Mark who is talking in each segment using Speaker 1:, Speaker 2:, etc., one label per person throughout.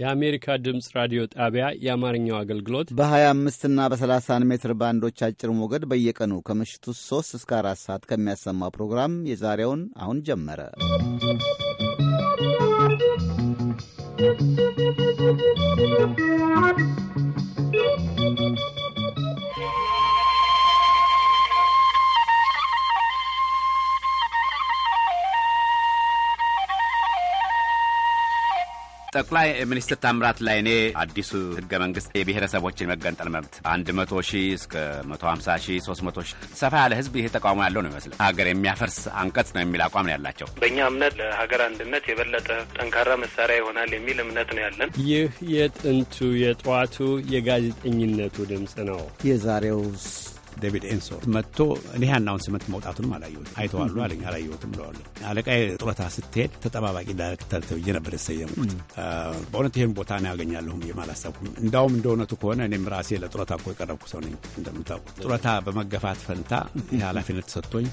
Speaker 1: የአሜሪካ ድምፅ ራዲዮ ጣቢያ የአማርኛው አገልግሎት
Speaker 2: በ25 እና በ30 ሜትር ባንዶች አጭር ሞገድ በየቀኑ ከምሽቱ 3 እስከ 4 ሰዓት ከሚያሰማው ፕሮግራም የዛሬውን አሁን ጀመረ።
Speaker 3: ጠቅላይ ሚኒስትር ታምራት ላይኔ አዲሱ ህገ መንግስት የብሔረሰቦችን መገንጠል መብት አንድ መቶ ሺህ እስከ መቶ ሀምሳ ሺህ ሶስት መቶ ሺህ ሰፋ ያለ ህዝብ ይሄ ተቃውሞ ያለው ነው ይመስል ሀገር የሚያፈርስ አንቀጽ ነው የሚል አቋም ነው ያላቸው።
Speaker 1: በእኛ እምነት ለሀገር አንድነት የበለጠ ጠንካራ መሳሪያ ይሆናል
Speaker 4: የሚል እምነት ነው
Speaker 1: ያለን። ይህ የጥንቱ የጠዋቱ የጋዜጠኝነቱ ድምፅ ነው
Speaker 3: የዛሬው ዴቪድ ኤንሶ መጥቶ እኔ ያናውን ስመት መውጣቱንም አላየሁትም አይተዋሉ አለኝ። አላየሁትም ብለዋለሁ። አለቃ ጡረታ ስትሄድ ተጠባባቂ ዳይሬክተር ተብዬ ነበር የተሰየምኩት። በእውነት ይህን ቦታ ነው ያገኛለሁም የማላሰብኩም። እንዳውም እንደ እውነቱ ከሆነ እኔም ራሴ ለጡረታ እኮ የቀረብኩ ሰው ነኝ እንደምታውቁት። ጡረታ በመገፋት ፈንታ ይህ ኃላፊነት ተሰጥቶኝ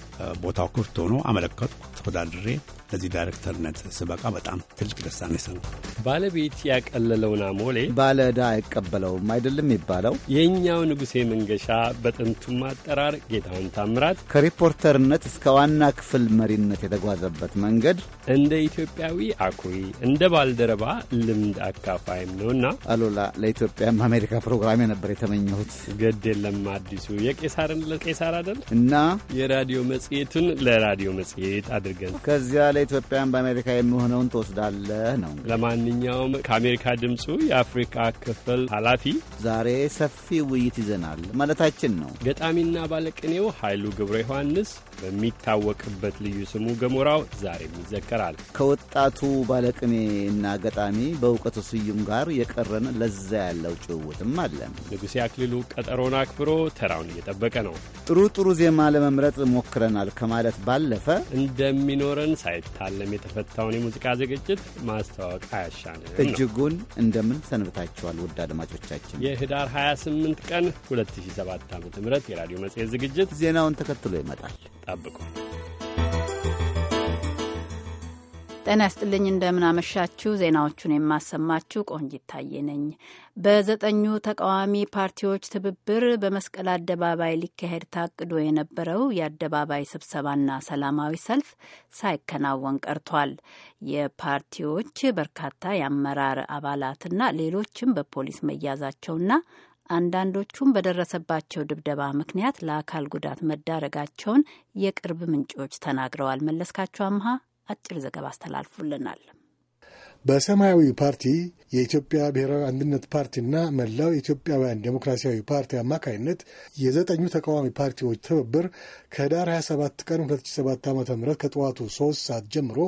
Speaker 3: ቦታው ክፍት ሆኖ አመለከትኩ። ተወዳድሬ ለዚህ ዳይሬክተርነት ስበቃ በጣም ትልቅ ደስታ ነው የሰራው። ባለቤት ያቀለለውን አሞሌ ባለዕዳ አይቀበለውም አይደለም የሚባለው የእኛው ንጉሴ
Speaker 1: መንገሻ በጥንቱም አጠራር ጌታውን ታምራት
Speaker 2: ከሪፖርተርነት እስከ ዋና ክፍል መሪነት የተጓዘበት መንገድ እንደ ኢትዮጵያዊ አኩሪ፣ እንደ ባልደረባ ልምድ አካፋይም ነውና አሉላ ለኢትዮጵያም አሜሪካ ፕሮግራም ነበር የተመኘሁት።
Speaker 1: ግድ የለም አዲሱ የቄሳርን ለቄሳር አደል እና የራዲዮ መጽሔቱን ለራዲዮ መጽሔት አድርገን
Speaker 2: ከዚያ ለኢትዮጵያን በአሜሪካ የሚሆነውን ትወስዳለህ ነው። ለማንኛውም ከአሜሪካ ድምፁ የአፍሪካ ክፍል ኃላፊ ዛሬ ሰፊ ውይይት ይዘናል ማለታችን ነው።
Speaker 1: ገጣሚና ባለቅኔው ኃይሉ ግብረ ዮሐንስ በሚታወቅበት
Speaker 2: ልዩ ስሙ ገሞራው ዛሬም ይዘከራል። ከወጣቱ ባለቅኔ እና ገጣሚ በእውቀቱ ስዩም ጋር የቀረን ለዛ ያለው ጭውውትም አለን። ንጉሴ አክሊሉ ቀጠሮን አክብሮ ተራውን እየጠበቀ ነው። ጥሩ ጥሩ ዜማ ለመምረጥ ሞክረናል ከማለት ባለፈ እንደሚኖረን ሳይታለም የተፈታውን የሙዚቃ ዝግጅት ማስተዋወቅ አያሻን እጅጉን እንደምን ሰንብታችኋል ውድ አድማጮቻችን።
Speaker 1: የህዳር 28 ቀን 2007 ዓ ም የራዲዮ መጽሔት ዝግጅት ዜናውን ተከትሎ ይመጣል። ጠብቁ።
Speaker 5: ጤና ይስጥልኝ። እንደምናመሻችሁ። ዜናዎቹን የማሰማችሁ ቆንጂት ታዬ ነኝ። በዘጠኙ ተቃዋሚ ፓርቲዎች ትብብር በመስቀል አደባባይ ሊካሄድ ታቅዶ የነበረው የአደባባይ ስብሰባና ሰላማዊ ሰልፍ ሳይከናወን ቀርቷል። የፓርቲዎች በርካታ የአመራር አባላትና ሌሎችም በፖሊስ መያዛቸውና አንዳንዶቹም በደረሰባቸው ድብደባ ምክንያት ለአካል ጉዳት መዳረጋቸውን የቅርብ ምንጮች ተናግረዋል። መለስካቸው አምሃ አጭር ዘገባ አስተላልፉልናል።
Speaker 6: በሰማያዊ ፓርቲ የኢትዮጵያ ብሔራዊ አንድነት ፓርቲና መላው የኢትዮጵያውያን ዴሞክራሲያዊ ፓርቲ አማካይነት የዘጠኙ ተቃዋሚ ፓርቲዎች ትብብር ከዳር 27 ቀን 2007 ዓ ም ከጠዋቱ 3 ሰዓት ጀምሮ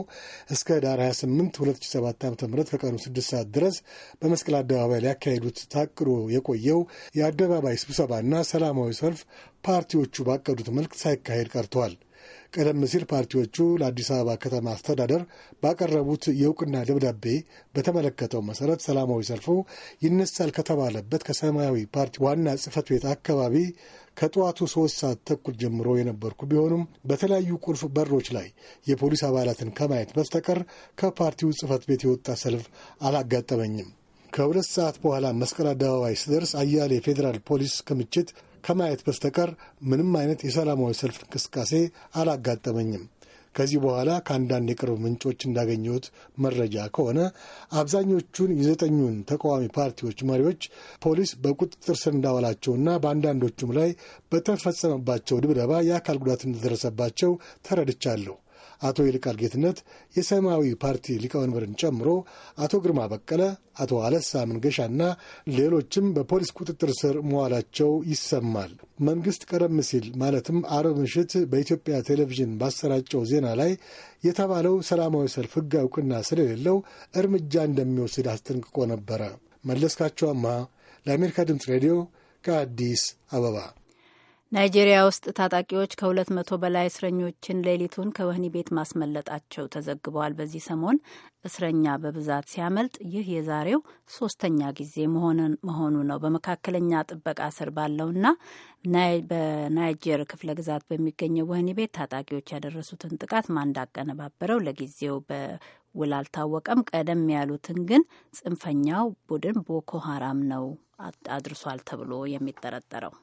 Speaker 6: እስከ ዳር 28 2007 ዓ ም ከቀኑ 6 ሰዓት ድረስ በመስቀል አደባባይ ሊያካሄዱት ታቅዶ የቆየው የአደባባይ ስብሰባና ሰላማዊ ሰልፍ ፓርቲዎቹ ባቀዱት መልክ ሳይካሄድ ቀርቷል። ቀደም ሲል ፓርቲዎቹ ለአዲስ አበባ ከተማ አስተዳደር ባቀረቡት የእውቅና ደብዳቤ በተመለከተው መሰረት ሰላማዊ ሰልፉ ይነሳል ከተባለበት ከሰማያዊ ፓርቲ ዋና ጽህፈት ቤት አካባቢ ከጠዋቱ ሶስት ሰዓት ተኩል ጀምሮ የነበርኩ ቢሆንም በተለያዩ ቁልፍ በሮች ላይ የፖሊስ አባላትን ከማየት በስተቀር ከፓርቲው ጽህፈት ቤት የወጣ ሰልፍ አላጋጠመኝም። ከሁለት ሰዓት በኋላ መስቀል አደባባይ ስደርስ አያሌ የፌዴራል ፖሊስ ክምችት ከማየት በስተቀር ምንም አይነት የሰላማዊ ሰልፍ እንቅስቃሴ አላጋጠመኝም። ከዚህ በኋላ ከአንዳንድ የቅርብ ምንጮች እንዳገኘሁት መረጃ ከሆነ አብዛኞቹን የዘጠኙን ተቃዋሚ ፓርቲዎች መሪዎች ፖሊስ በቁጥጥር ስር እንዳዋላቸውና በአንዳንዶቹም ላይ በተፈጸመባቸው ድብደባ የአካል ጉዳት እንደደረሰባቸው ተረድቻለሁ። አቶ ይልቃል ጌትነት፣ የሰማያዊ ፓርቲ ሊቀመንበርን ጨምሮ አቶ ግርማ በቀለ፣ አቶ አለሳ ምንገሻና ሌሎችም በፖሊስ ቁጥጥር ስር መዋላቸው ይሰማል። መንግስት ቀደም ሲል ማለትም አርብ ምሽት በኢትዮጵያ ቴሌቪዥን ባሰራጨው ዜና ላይ የተባለው ሰላማዊ ሰልፍ ህግ እውቅና ስለሌለው እርምጃ እንደሚወስድ አስጠንቅቆ ነበረ። መለስካቸው ለአሜሪካ ድምፅ ሬዲዮ ከአዲስ አበባ
Speaker 5: ናይጄሪያ ውስጥ ታጣቂዎች ከሁለት መቶ በላይ እስረኞችን ሌሊቱን ከወህኒ ቤት ማስመለጣቸው ተዘግበዋል። በዚህ ሰሞን እስረኛ በብዛት ሲያመልጥ ይህ የዛሬው ሶስተኛ ጊዜ መሆኑ ነው። በመካከለኛ ጥበቃ ስር ባለውና በናይጀር ክፍለ ግዛት በሚገኘው ወህኒ ቤት ታጣቂዎች ያደረሱትን ጥቃት ማን እንዳቀነባበረው ለጊዜው በውል አልታወቀም። ቀደም ያሉትን ግን ጽንፈኛው ቡድን ቦኮ ሀራም ነው አድርሷል ተብሎ የሚጠረጠረው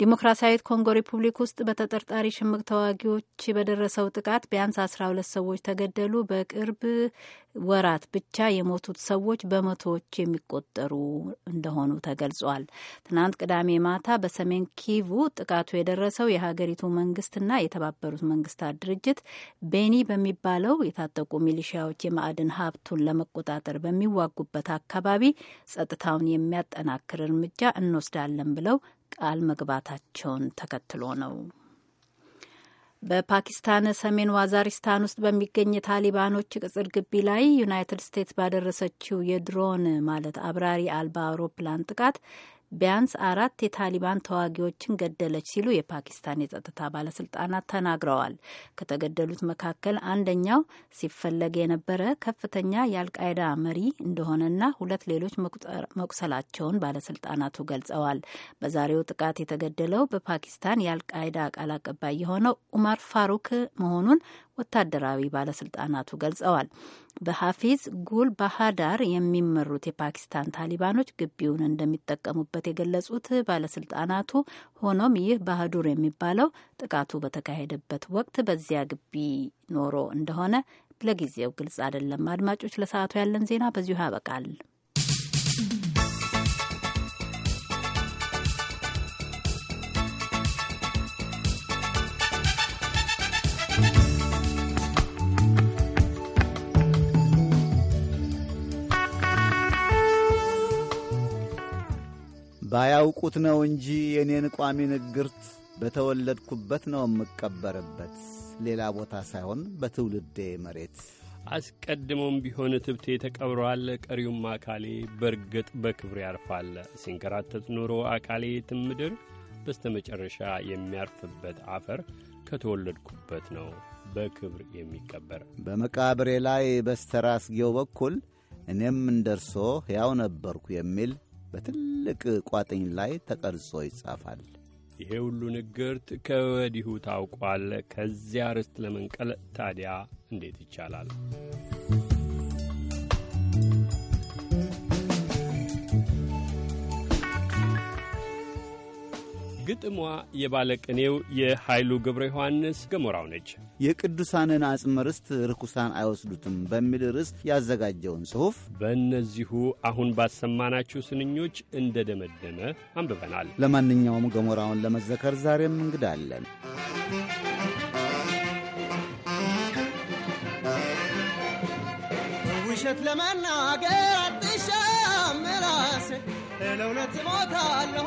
Speaker 5: ዲሞክራሲያዊት ኮንጎ ሪፑብሊክ ውስጥ በተጠርጣሪ ሽምቅ ተዋጊዎች በደረሰው ጥቃት ቢያንስ አስራ ሁለት ሰዎች ተገደሉ። በቅርብ ወራት ብቻ የሞቱት ሰዎች በመቶዎች የሚቆጠሩ እንደሆኑ ተገልጿል። ትናንት ቅዳሜ ማታ በሰሜን ኪቩ ጥቃቱ የደረሰው የሀገሪቱ መንግስትና የተባበሩት መንግስታት ድርጅት ቤኒ በሚባለው የታጠቁ ሚሊሺያዎች የማዕድን ሀብቱን ለመቆጣጠር በሚዋጉበት አካባቢ ጸጥታውን የሚያጠናክር እርምጃ እንወስዳለን ብለው ቃል መግባታቸውን ተከትሎ ነው። በፓኪስታን ሰሜን ዋዛሪስታን ውስጥ በሚገኝ የታሊባኖች ቅጽር ግቢ ላይ ዩናይትድ ስቴትስ ባደረሰችው የድሮን ማለት አብራሪ አልባ አውሮፕላን ጥቃት ቢያንስ አራት የታሊባን ተዋጊዎችን ገደለች ሲሉ የፓኪስታን የጸጥታ ባለስልጣናት ተናግረዋል። ከተገደሉት መካከል አንደኛው ሲፈለግ የነበረ ከፍተኛ የአልቃይዳ መሪ እንደሆነና ሁለት ሌሎች መቁሰላቸውን ባለስልጣናቱ ገልጸዋል። በዛሬው ጥቃት የተገደለው በፓኪስታን የአልቃይዳ ቃል አቀባይ የሆነው ኡማር ፋሩክ መሆኑን ወታደራዊ ባለስልጣናቱ ገልጸዋል። በሀፊዝ ጉል ባህዳር የሚመሩት የፓኪስታን ታሊባኖች ግቢውን እንደሚጠቀሙበት የገለጹት ባለስልጣናቱ፣ ሆኖም ይህ ባህዱር የሚባለው ጥቃቱ በተካሄደበት ወቅት በዚያ ግቢ ኖሮ እንደሆነ ለጊዜው ግልጽ አይደለም። አድማጮች፣ ለሰዓቱ ያለን ዜና በዚሁ ያበቃል።
Speaker 2: ባያውቁት ነው እንጂ የእኔን ቋሚ ንግርት በተወለድኩበት ነው የምቀበርበት፣ ሌላ ቦታ ሳይሆን በትውልዴ መሬት።
Speaker 1: አስቀድሞም ቢሆን ትብቴ ተቀብሯል፣ ቀሪውም አካሌ በእርግጥ በክብር ያርፋል። ሲንከራተት ኖሮ አካሌ ትምድር በስተመጨረሻ የሚያርፍበት አፈር ከተወለድኩበት ነው በክብር የሚቀበር።
Speaker 2: በመቃብሬ ላይ በስተራስጌው በኩል እኔም እንደርሶ ሕያው ነበርኩ የሚል በትልቅ ቋጥኝ ላይ ተቀርጾ ይጻፋል።
Speaker 1: ይሄ ሁሉ ንግርት ከወዲሁ ታውቋል። ከዚያ ርስት ለመንቀል ታዲያ እንዴት ይቻላል? ግጥሟ የባለቅኔው የኃይሉ ገብረ ዮሐንስ ገሞራው ነች።
Speaker 2: የቅዱሳንን አጽም ርስት ርኩሳን አይወስዱትም በሚል ርዕስ ያዘጋጀውን ጽሑፍ በእነዚሁ አሁን
Speaker 1: ባሰማናችሁ ስንኞች እንደደመደመ አንብበናል።
Speaker 2: ለማንኛውም ገሞራውን ለመዘከር ዛሬም እንግዳለን።
Speaker 4: ውሸት ለመናገር አትሻም ራሴ ለእውነት ሞታለሁ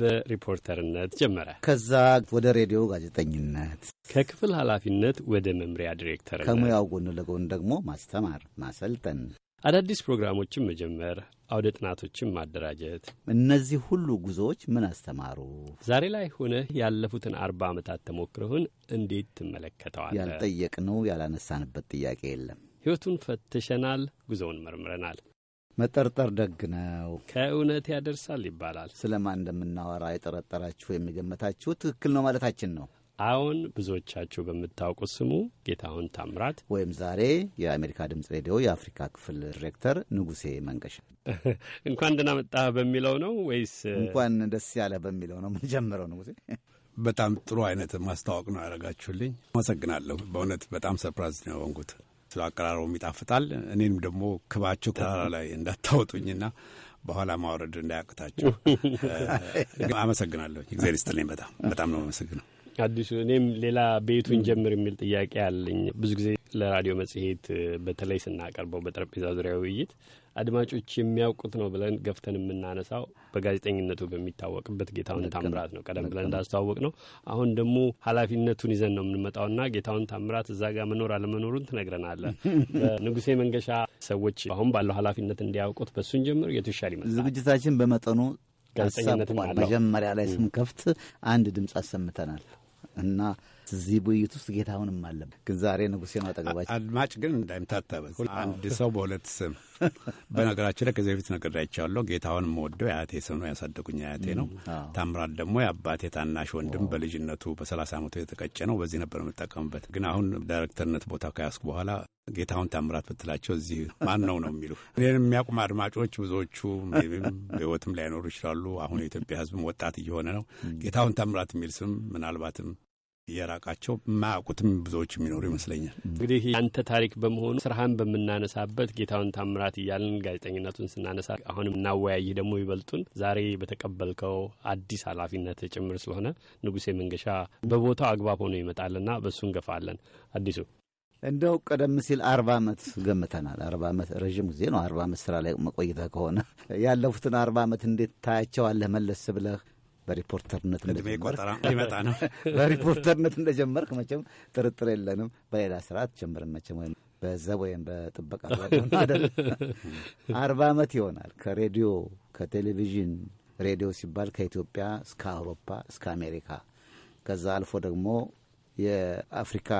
Speaker 1: በሪፖርተርነት ጀመረ።
Speaker 2: ከዛ ወደ ሬዲዮ ጋዜጠኝነት፣ ከክፍል ኃላፊነት ወደ መምሪያ ዲሬክተር፣ ከሙያው ጎን ለጎን ደግሞ ማስተማር፣ ማሰልጠን፣ አዳዲስ ፕሮግራሞችን መጀመር፣ አውደ ጥናቶችን ማደራጀት። እነዚህ ሁሉ ጉዞዎች ምን አስተማሩ? ዛሬ ላይ ሆነህ
Speaker 1: ያለፉትን አርባ ዓመታት ተሞክረውን እንዴት ትመለከተዋል?
Speaker 2: ያልጠየቅነው ያላነሳንበት ጥያቄ የለም። ሕይወቱን ፈትሸናል፣ ጉዞውን መርምረናል። መጠርጠር ደግ ነው፣ ከእውነት ያደርሳል ይባላል። ስለማን እንደምናወራ የጠረጠራችሁ የሚገመታችሁ ትክክል ነው ማለታችን ነው። አሁን ብዙዎቻችሁ በምታውቁት ስሙ ጌታሁን ታምራት ወይም ዛሬ የአሜሪካ ድምፅ ሬዲዮ የአፍሪካ ክፍል ዲሬክተር ንጉሴ መንገሻ እንኳን ደህና መጣህ በሚለው ነው ወይስ እንኳን ደስ ያለ በሚለው ነው የምንጀምረው? ንጉሴ
Speaker 3: በጣም ጥሩ አይነት ማስታወቅ ነው ያደረጋችሁልኝ። አመሰግናለሁ። በእውነት በጣም ሰርፕራይዝ ነው የሆንኩት። ስለ አቀራረቡም ይጣፍጣል። እኔም ደግሞ ክባቸው ተራራ ላይ እንዳታወጡኝና በኋላ ማውረድ እንዳያቅታቸው አመሰግናለሁ። እግዚአብሔር ይስጥልኝ። በጣም በጣም ነው አመሰግነው።
Speaker 1: አዲሱ እኔም ሌላ ቤቱን ጀምር የሚል ጥያቄ አለኝ። ብዙ ጊዜ ለራዲዮ መጽሔት በተለይ ስናቀርበው በጠረጴዛ ዙሪያ ውይይት አድማጮች የሚያውቁት ነው ብለን ገፍተን የምናነሳው በጋዜጠኝነቱ በሚታወቅበት ጌታውን ታምራት ነው። ቀደም ብለን እንዳስተዋወቅ ነው። አሁን ደግሞ ኃላፊነቱን ይዘን ነው የምንመጣውና ጌታውን ታምራት እዛ ጋር መኖር አለመኖሩን ትነግረናለህ። በንጉሴ መንገሻ ሰዎች አሁን ባለው ኃላፊነት እንዲያውቁት በእሱን ጀምር የቱሻል
Speaker 2: ይመስል ዝግጅታችን በመጠኑ መጀመሪያ ላይ ስንከፍት አንድ ድምፅ አሰምተናል እና እዚህ ውይይት ውስጥ ጌታሁንም አለም ግን ዛሬ ንጉሴ ነው አጠገባቸው።
Speaker 3: አድማጭ ግን እንዳይምታታበት አንድ ሰው በሁለት ስም በነገራችን ላይ ከዚህ በፊት ነግሬያቸዋለሁ። ጌታሁን የምወደው የአያቴ ስም ነው፣ ያሳደጉኝ አያቴ ነው። ታምራት ደግሞ የአባቴ ታናሽ ወንድም በልጅነቱ በሰላሳ ዓመቱ የተቀጨ ነው። በዚህ ነበር የምጠቀምበት። ግን አሁን ዳይሬክተርነት ቦታ ከያዝኩ በኋላ ጌታሁን ታምራት ብትላቸው እዚህ ማን ነው ነው የሚሉ እኔን የሚያውቁም አድማጮች ብዙዎቹ በህይወትም ላይኖሩ ይችላሉ። አሁን የኢትዮጵያ ህዝብም ወጣት እየሆነ ነው። ጌታሁን ታምራት የሚል ስም ምናልባትም የራቃቸው ማያውቁትም ብዙዎች የሚኖሩ ይመስለኛል። እንግዲህ አንተ
Speaker 1: ታሪክ በመሆኑ ስራህን በምናነሳበት ጌታውን ታምራት እያልን ጋዜጠኝነቱን ስናነሳ አሁንም እናወያይህ ደግሞ ይበልጡን ዛሬ በተቀበልከው አዲስ ኃላፊነት ጭምር ስለሆነ ንጉሴ መንገሻ በቦታው አግባብ ሆኖ ይመጣልና በእሱ እንገፋለን። አዲሱ
Speaker 2: እንደው ቀደም ሲል አርባ ዓመት ገምተናል። አርባ ዓመት ረዥም ጊዜ ነው። አርባ ዓመት ስራ ላይ መቆይተህ ከሆነ ያለፉትን አርባ ዓመት እንዴት ታያቸዋለህ መለስ ብለህ በሪፖርተርነት ሊመጣ ነው። በሪፖርተርነት እንደጀመርክ መቼም ጥርጥር የለንም። በሌላ ስርዓት ጀምርን መቼም ወይም በዘብ ወይም በጥበቃ አይደል። አርባ ዓመት ይሆናል ከሬዲዮ ከቴሌቪዥን ሬዲዮ ሲባል ከኢትዮጵያ እስከ አውሮፓ እስከ አሜሪካ ከዛ አልፎ ደግሞ የአፍሪካ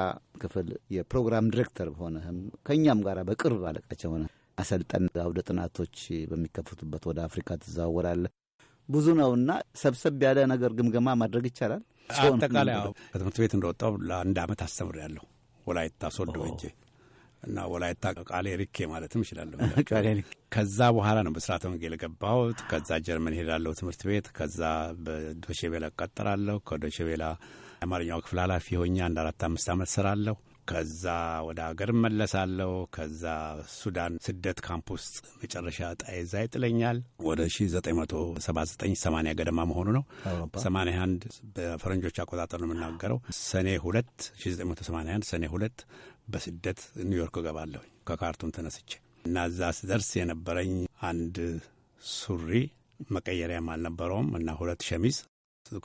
Speaker 2: ክፍል የፕሮግራም ዲሬክተር ሆነህም ከእኛም ጋር በቅርብ አለቃቸው ሆነ አሰልጠን አውደ ጥናቶች በሚከፍቱበት
Speaker 3: ወደ አፍሪካ ትዘዋወራለህ።
Speaker 2: ብዙ ነውና ሰብሰብ ያለ ነገር ግምገማ ማድረግ ይቻላል።
Speaker 3: አጠቃላይ ከትምህርት ቤት እንደወጣው ለአንድ ዓመት አስተምሬያለሁ ወላይታ ሶዶ ሄጄ እና ወላይታ ቃሌ ሪኬ ማለትም እችላለሁ። ከዛ በኋላ ነው በስርዓተ ወንጌል የገባሁት። ከዛ ጀርመን ሄዳለሁ ትምህርት ቤት። ከዛ በዶሼቤላ እቀጠራለሁ። ከዶሼቤላ የአማርኛው ክፍል ኃላፊ ሆኜ አንድ አራት አምስት ዓመት ስራለሁ። ከዛ ወደ ሀገር መለሳለሁ። ከዛ ሱዳን ስደት ካምፕ ውስጥ መጨረሻ ጣይዛ ይጥለኛል። ወደ 1979 ገደማ መሆኑ ነው። 81 በፈረንጆች አቆጣጠር ነው የምናገረው። ሰኔ 2 1981 ሰኔ 2 በስደት ኒውዮርክ እገባለሁ ከካርቱም ተነስቼ እና እዛ ስደርስ የነበረኝ አንድ ሱሪ መቀየሪያም አልነበረውም እና ሁለት ሸሚዝ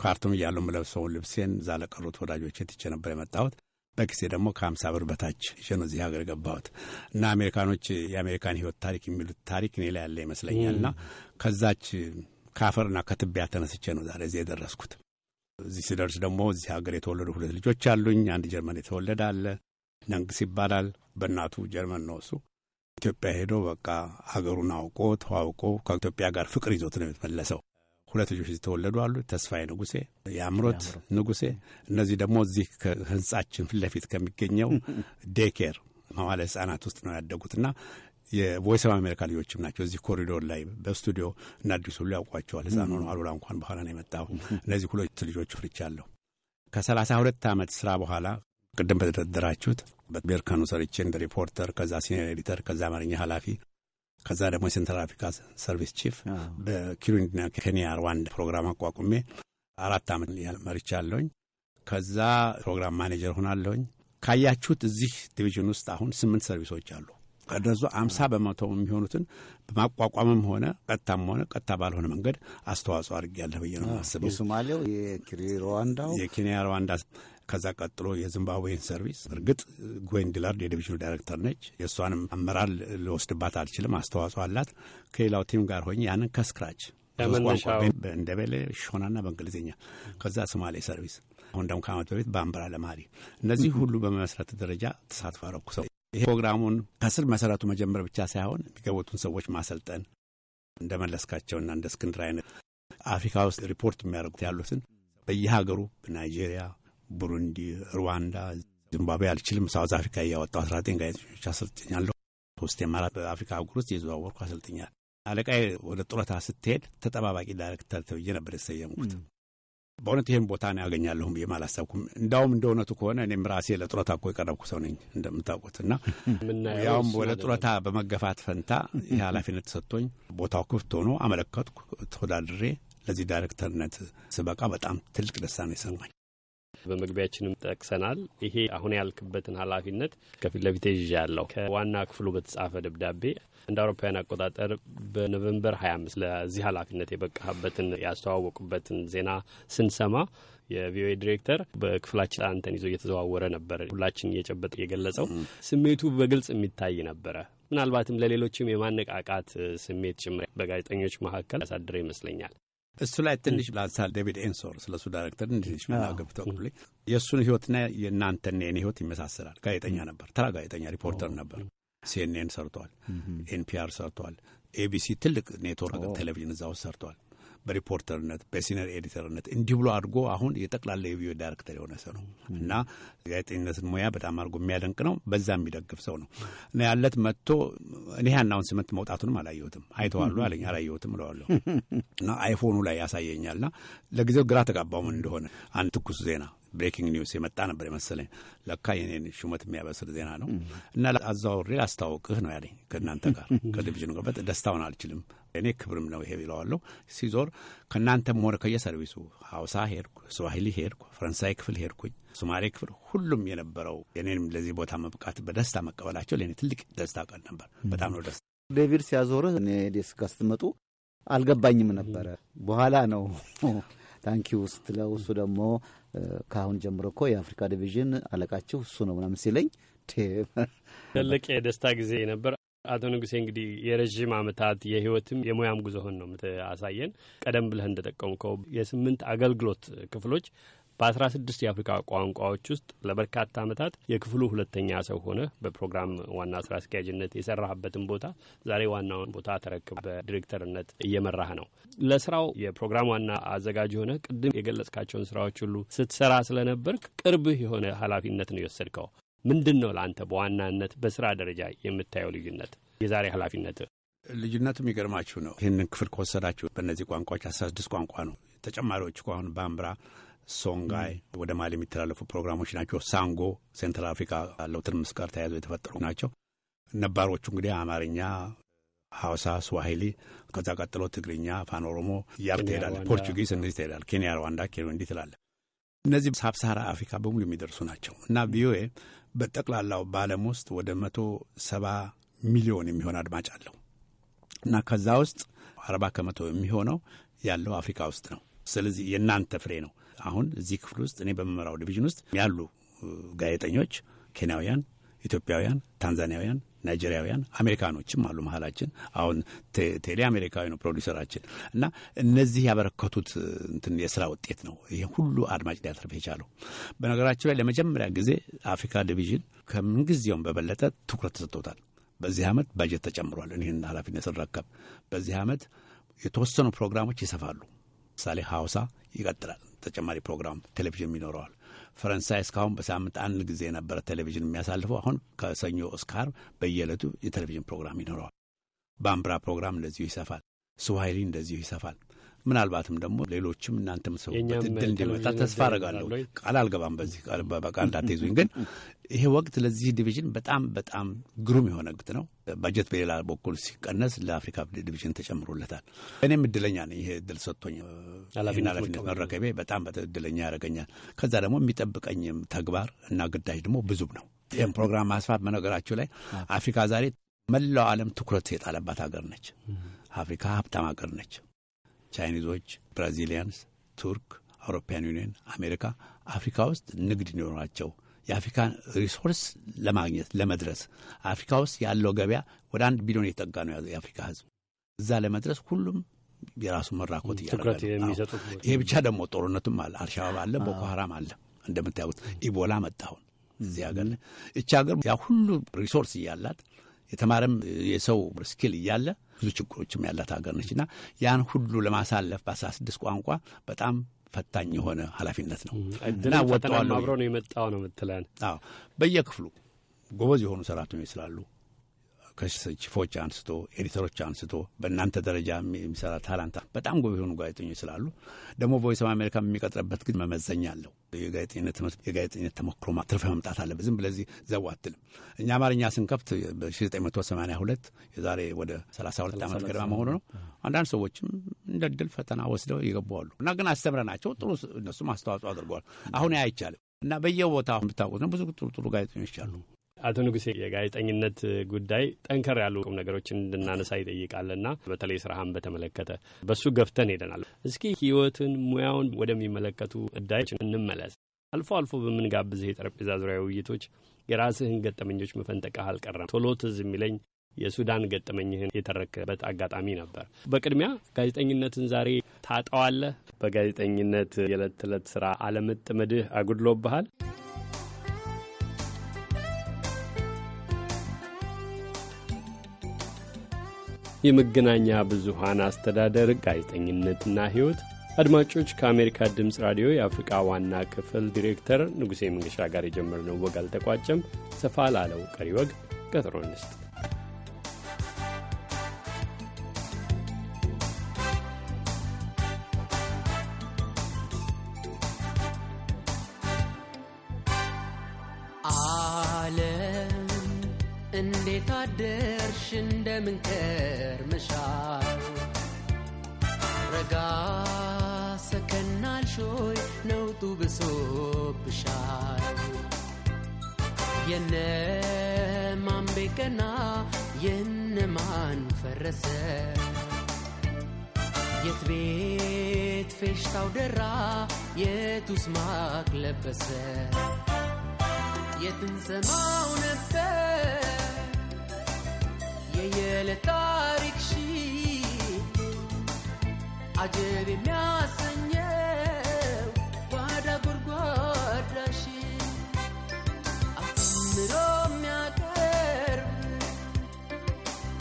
Speaker 3: ካርቱም እያሉ የምለብሰውን ልብሴን እዛ ለቀሩት ወዳጆቼ ትቼ ነበር የመጣሁት። በጊዜ ደግሞ ከሀምሳ ብር በታች ይዤ ነው እዚህ ሀገር ገባሁት እና አሜሪካኖች የአሜሪካን ህይወት ታሪክ የሚሉት ታሪክ እኔ ላይ ያለ ይመስለኛል እና ከዛች ካፈርና ከትቢያ ተነስቼ ነው ዛሬ እዚህ የደረስኩት። እዚህ ስደርስ ደግሞ እዚህ ሀገር የተወለዱ ሁለት ልጆች አሉኝ። አንድ ጀርመን የተወለደ አለ፣ ነንግስ ይባላል። በእናቱ ጀርመን ነው እሱ። ኢትዮጵያ ሄዶ በቃ ሀገሩን አውቆ ተዋውቆ ከኢትዮጵያ ጋር ፍቅር ይዞት ነው የተመለሰው። ሁለት ልጆች የተወለዱ አሉ። ተስፋዬ ንጉሴ፣ የአእምሮት ንጉሴ። እነዚህ ደግሞ እዚህ ከህንጻችን ፊት ለፊት ከሚገኘው ዴኬር መዋለ ህጻናት ውስጥ ነው ያደጉትና የቮይስ ኦፍ አሜሪካ ልጆችም ናቸው። እዚህ ኮሪዶር ላይ በስቱዲዮ እና አዲሱ ሁሉ ያውቋቸዋል። ህጻን ሆኖ አሉላ እንኳን በኋላ ነው የመጣው። እነዚህ ሁለት ልጆች ፍርቻለሁ። ከሰላሳ ሁለት ዓመት ስራ በኋላ ቅድም በተደረደራችሁት በቤርከኑ ሰርቼ እንደ ሪፖርተር፣ ከዛ ሲኒየር ኤዲተር፣ ከዛ አማርኛ ኃላፊ ከዛ ደግሞ የሴንትራል አፍሪካ ሰርቪስ ቺፍ በኪሩንና ኬንያ ሩዋንዳ ፕሮግራም አቋቁሜ አራት ዓመት ያህል መርቻለሁኝ። ከዛ ፕሮግራም ማኔጀር ሆናለሁኝ። ካያችሁት እዚህ ዲቪዥን ውስጥ አሁን ስምንት ሰርቪሶች አሉ። ከነዙ አምሳ በመቶ የሚሆኑትን በማቋቋምም ሆነ ቀጥታም ሆነ ቀጥታ ባልሆነ መንገድ አስተዋጽኦ አድርጌያለሁ ብዬ ነው የማስበው። የሶማሌው፣ ሩዋንዳው፣ የኬንያ ሩዋንዳ ከዛ ቀጥሎ የዚምባብዌን ሰርቪስ እርግጥ ጎይን ዲላርድ የዲቪዥኑ ዳይሬክተር ነች። የእሷንም አመራር ልወስድባት አልችልም። አስተዋጽኦ አላት። ከሌላው ቲም ጋር ሆኜ ያንን ከስክራች በእንደበሌ ሾናና በእንግሊዝኛ ከዛ ሶማሌ ሰርቪስ አሁን ደግሞ ከአመት በፊት በአንበራ ለማሪ እነዚህ ሁሉ በመመስረት ደረጃ ተሳትፎ አረኩ። ሰው ይሄ ፕሮግራሙን ከስር መሰረቱ መጀመር ብቻ ሳይሆን የሚገቡትን ሰዎች ማሰልጠን እንደመለስካቸውና እንደ እስክንድር አይነት አፍሪካ ውስጥ ሪፖርት የሚያደርጉት ያሉትን በየሀገሩ በናይጄሪያ ቡሩንዲ፣ ሩዋንዳ፣ ዚምባብዌ አልችልም። ሳውዝ አፍሪካ እያወጣው አስራ ዘጠኝ ጋዜጠኞች አሰልጥኛለሁ። ሶስት የማራት በአፍሪካ አህጉር ውስጥ የዘዋወርኩ አሰልጥኛል። አለቃ ወደ ጡረታ ስትሄድ ተጠባባቂ ዳይሬክተር ተብዬ ነበር የተሰየምኩት። በእውነት ይህን ቦታ ነው ያገኛለሁም ብዬም አላሰብኩም። እንዳውም እንደ እውነቱ ከሆነ እኔም ራሴ ለጡረታ እኮ የቀረብኩ ሰው ነኝ እንደምታውቁት እና ያውም ወደ ጡረታ በመገፋት ፈንታ ይህ ኃላፊነት ሰጥቶኝ ቦታው ክፍት ሆኖ አመለከትኩ። ተወዳድሬ ለዚህ ዳይሬክተርነት ስበቃ በጣም ትልቅ ደስታ ነው የሰማኝ። በመግቢያችንም ጠቅሰናል። ይሄ አሁን ያልክበትን ኃላፊነት
Speaker 1: ከፊት ለፊት ይዣ ያለው ከዋና ክፍሉ በተጻፈ ደብዳቤ እንደ አውሮፓውያን አቆጣጠር በኖቨምበር 25 ለዚህ ኃላፊነት የበቃህበትን ያስተዋወቁበትን ዜና ስንሰማ የቪኦኤ ዲሬክተር በክፍላችን አንተን ይዞ እየተዘዋወረ ነበር። ሁላችን እየጨበጠ የገለጸው ስሜቱ በግልጽ የሚታይ ነበረ። ምናልባትም ለሌሎችም የማነቃቃት ስሜት ጭምር በጋዜጠኞች
Speaker 3: መካከል ያሳድረ ይመስለኛል። እሱ ላይ ትንሽ ላንሳል። ዴቪድ ኤንሶር ስለ እሱ ዳይሬክተር ትንሽ መናገብ ተኩል የእሱን ህይወትና የእናንተን የኔ ህይወት ይመሳሰላል። ጋዜጠኛ ነበር፣ ተራ ጋዜጠኛ ሪፖርተር ነበር። ሲኤንኤን ሰርቷል፣ ኤንፒአር ሰርቷል፣ ኤቢሲ ትልቅ ኔትወርክ ቴሌቪዥን እዛ ውስጥ ሰርቷል። በሪፖርተርነት በሲነር ኤዲተርነት እንዲህ ብሎ አድርጎ አሁን የጠቅላላ የቪዮ ዳይሬክተር የሆነ ሰው ነው እና ጋዜጠኝነትን ሙያ በጣም አድርጎ የሚያደንቅ ነው። በዛ የሚደግፍ ሰው ነው እና ያለት መጥቶ እኔ ያናውን ስመት መውጣቱንም አላየሁትም አይተዋሉ አለኝ። አላየሁትም እለዋለሁ እና አይፎኑ ላይ ያሳየኛልና ለጊዜው ግራ ተጋባሙን እንደሆነ አንድ ትኩስ ዜና ብሬኪንግ ኒውስ የመጣ ነበር የመሰለኝ። ለካ የኔን ሹመት የሚያበስር ዜና ነው እና አዛውሬ ላስታውቅህ ነው ያለኝ። ከእናንተ ጋር ከዲቪዥኑ ጋር ደስታውን አልችልም። እኔ ክብርም ነው ይሄ ይለዋለሁ። ሲዞር ከእናንተም ሆነ ከየሰርቪሱ ሀውሳ ሄድኩ፣ ስዋሂሊ ሄድኩ፣ ፈረንሳይ ክፍል ሄድኩኝ፣ ሱማሌ ክፍል ሁሉም የነበረው የኔንም ለዚህ ቦታ መብቃት በደስታ መቀበላቸው ለእኔ ትልቅ ደስታ ቀን ነበር። በጣም ነው ደስታ
Speaker 2: ዴቪድ ሲያዞርህ እኔ ዴስ ጋር ስትመጡ አልገባኝም ነበረ። በኋላ ነው ታንኪዩ ስትለው እሱ ደግሞ ከአሁን ጀምሮ እኮ የአፍሪካ ዲቪዥን አለቃችሁ እሱ ነው ምናምን ሲለኝ
Speaker 1: ትልቅ የደስታ ጊዜ ነበር። አቶ ንጉሴ እንግዲህ የረዥም ዓመታት የህይወትም የሙያም ጉዞህን ነው የምታሳየን። ቀደም ብለህ እንደጠቀምከው የስምንት አገልግሎት ክፍሎች በ16 የአፍሪካ ቋንቋዎች ውስጥ ለበርካታ ዓመታት የክፍሉ ሁለተኛ ሰው ሆነ በፕሮግራም ዋና ስራ አስኪያጅነት የሰራህበትን ቦታ ዛሬ ዋናውን ቦታ ተረክበ በዲሬክተርነት እየመራህ ነው። ለስራው የፕሮግራም ዋና አዘጋጅ ሆነ ቅድም የገለጽካቸውን ስራዎች ሁሉ ስትሰራ ስለነበርክ ቅርብህ የሆነ ኃላፊነት ነው የወሰድከው። ምንድን ነው ለአንተ በዋናነት በስራ
Speaker 3: ደረጃ የምታየው ልዩነት የዛሬ ኃላፊነት? ልዩነት የሚገርማችሁ ነው። ይህንን ክፍል ከወሰዳችሁ በእነዚህ ቋንቋዎች አስራ ስድስት ቋንቋ ነው ተጨማሪዎች አሁን በአምራ ሶንጋይ ወደ ማሊ የሚተላለፉ ፕሮግራሞች ናቸው። ሳንጎ ሴንትራል አፍሪካ ያለው ትርምስ ጋር ተያይዞ የተፈጠሩ ናቸው። ነባሮቹ እንግዲህ አማርኛ፣ ሐውሳ፣ ስዋሂሊ ከዛ ቀጥሎ ትግርኛ፣ ፋን ኦሮሞ እያል ትሄዳለ። ፖርቹጊዝ እንደዚህ ትሄዳል። ኬንያ፣ ሩዋንዳ፣ ኬሩ እንዲህ ትላለ። እነዚህ ሳብሳራ አፍሪካ በሙሉ የሚደርሱ ናቸው እና ቪኦኤ በጠቅላላው በዓለም ውስጥ ወደ መቶ ሰባ ሚሊዮን የሚሆን አድማጭ አለው እና ከዛ ውስጥ አርባ ከመቶ የሚሆነው ያለው አፍሪካ ውስጥ ነው። ስለዚህ የእናንተ ፍሬ ነው። አሁን እዚህ ክፍል ውስጥ እኔ በመመራው ዲቪዥን ውስጥ ያሉ ጋዜጠኞች ኬንያውያን፣ ኢትዮጵያውያን፣ ታንዛኒያውያን፣ ናይጄሪያውያን አሜሪካኖችም አሉ መሀላችን። አሁን ቴሌ አሜሪካዊ ነው ፕሮዲሰራችን እና እነዚህ ያበረከቱት እንትን የስራ ውጤት ነው ይህ ሁሉ አድማጭ ሊያተርፍ የቻለው። በነገራችን ላይ ለመጀመሪያ ጊዜ አፍሪካ ዲቪዥን ከምንጊዜውም በበለጠ ትኩረት ተሰጥቶታል። በዚህ ዓመት ባጀት ተጨምሯል። እኔህን ኃላፊነት ስንረከብ በዚህ ዓመት የተወሰኑ ፕሮግራሞች ይሰፋሉ። ምሳሌ ሀውሳ ይቀጥላል። ተጨማሪ ፕሮግራም ቴሌቪዥን ይኖረዋል። ፈረንሳይ እስካሁን በሳምንት አንድ ጊዜ የነበረ ቴሌቪዥን የሚያሳልፈው አሁን ከሰኞ እስከ ዓርብ በየዕለቱ የቴሌቪዥን ፕሮግራም ይኖረዋል። ባምብራ ፕሮግራም እንደዚሁ ይሰፋል። ስዋሂሊ እንደዚሁ ይሰፋል። ምናልባትም ደግሞ ሌሎችም እናንተ ምሰቡበት እድል እንዲመጣ ተስፋ አረጋለሁ። ቃል አልገባም በዚህ በቃል እንዳትይዙኝ። ግን ይሄ ወቅት ለዚህ ዲቪዥን በጣም በጣም ግሩም የሆነ ወቅት ነው። ባጀት በሌላ በኩል ሲቀነስ ለአፍሪካ ዲቪዥን ተጨምሮለታል። እኔም እድለኛ ነኝ። ይሄ እድል ሰጥቶኝ ኃላፊነት መረከቤ በጣም እድለኛ ያደረገኛል። ከዛ ደግሞ የሚጠብቀኝም ተግባር እና ግዳጅ ደግሞ ብዙም ነው። ይህም ፕሮግራም ማስፋት በነገራችሁ ላይ አፍሪካ ዛሬ መላው ዓለም ትኩረት የጣለባት ሀገር ነች። አፍሪካ ሀብታም ሀገር ነች። ቻይኒዞች፣ ብራዚሊያንስ፣ ቱርክ፣ አውሮፓያን ዩኒየን፣ አሜሪካ አፍሪካ ውስጥ ንግድ እንዲኖራቸው የአፍሪካን ሪሶርስ ለማግኘት ለመድረስ አፍሪካ ውስጥ ያለው ገበያ ወደ አንድ ቢሊዮን የጠጋ ነው የአፍሪካ ህዝብ። እዛ ለመድረስ ሁሉም የራሱ መራኮት እያደረገ ይሄ ብቻ ደግሞ ጦርነትም አለ። አልሻባብ አለ፣ ቦኮ ሀራም አለ። እንደምታዩት ኢቦላ መጣ አሁን እዚህ ሀገር። እቺ ሀገር ያ ሁሉ ሪሶርስ እያላት የተማረም የሰው ስኪል እያለ ብዙ ችግሮችም ያላት ሀገር ነች እና ያን ሁሉ ለማሳለፍ በአስራ ስድስት ቋንቋ በጣም ፈታኝ የሆነ ኃላፊነት ነው እና ወጣዋለሁ ነው የመጣው ነው ምትለን። አዎ በየክፍሉ ጎበዝ የሆኑ ሰራተኞች ስላሉ ከሽፎች አንስቶ ኤዲተሮች አንስቶ በእናንተ ደረጃ የሚሰራ ታላንት በጣም ጎብ የሆኑ ጋዜጠኞች ስላሉ ደግሞ ቮይስ ኦፍ አሜሪካ የሚቀጥረበት ግን መመዘኛ አለው። የጋዜጠኝነት ትምህርት የጋዜጠኝነት ተሞክሮ ማትረፍ መምጣት አለበት። ዝም ብለዚህ ዘው አትልም። እኛ አማርኛ ስንከፍት በ1982 የዛሬ ወደ 32 ዓመት ገደማ መሆኑ ነው። አንዳንድ ሰዎችም እንደ ድል ፈተና ወስደው ይገቡዋሉ እና ግን አስተምረናቸው ጥሩ እነሱም አስተዋጽኦ አድርገዋል። አሁን አይቻልም እና በየቦታው የምታውቁት ነው ብዙ ጥሩ ጥሩ ጋዜጠኞች አሉ። አቶ ንጉሴ የጋዜጠኝነት
Speaker 1: ጉዳይ ጠንከር ያሉ ቁም ነገሮችን እንድናነሳ ይጠይቃልና በተለይ ስራህን በተመለከተ በሱ ገፍተን ሄደናል። እስኪ ህይወትን፣ ሙያውን ወደሚመለከቱ እዳዮች እንመለስ። አልፎ አልፎ በምንጋብዝህ የጠረጴዛ ዙሪያ ውይይቶች የራስህን ገጠመኞች መፈንጠቅህ አልቀረም። ቶሎ ትዝ የሚለኝ የሱዳን ገጠመኝህን የተረከበት አጋጣሚ ነበር። በቅድሚያ ጋዜጠኝነትን ዛሬ ታጠዋለህ? በጋዜጠኝነት የዕለት ተዕለት ስራ አለመጥመድህ አጉድሎብሃል? የመገናኛ ብዙሃን አስተዳደር ጋዜጠኝነትና ሕይወት አድማጮች ከአሜሪካ ድምፅ ራዲዮ የአፍሪቃ ዋና ክፍል ዲሬክተር ንጉሴ መንገሻ ጋር የጀመርነው ወግ አልተቋጨም። ሰፋ ላለው ቀሪ ወግ ቀጠሮ እንስጥ።
Speaker 7: ዓለም እንዴት አደርሽ እንደምንከ የነማን ቤቀና የነማን ፈረሰ የት ቤት ፌሽታው ደራ የቱስ ማቅ ለበሰ የትንሰማው ነበር የየዕለት ታሪክ ሺ አጀብ የሚያሰኘ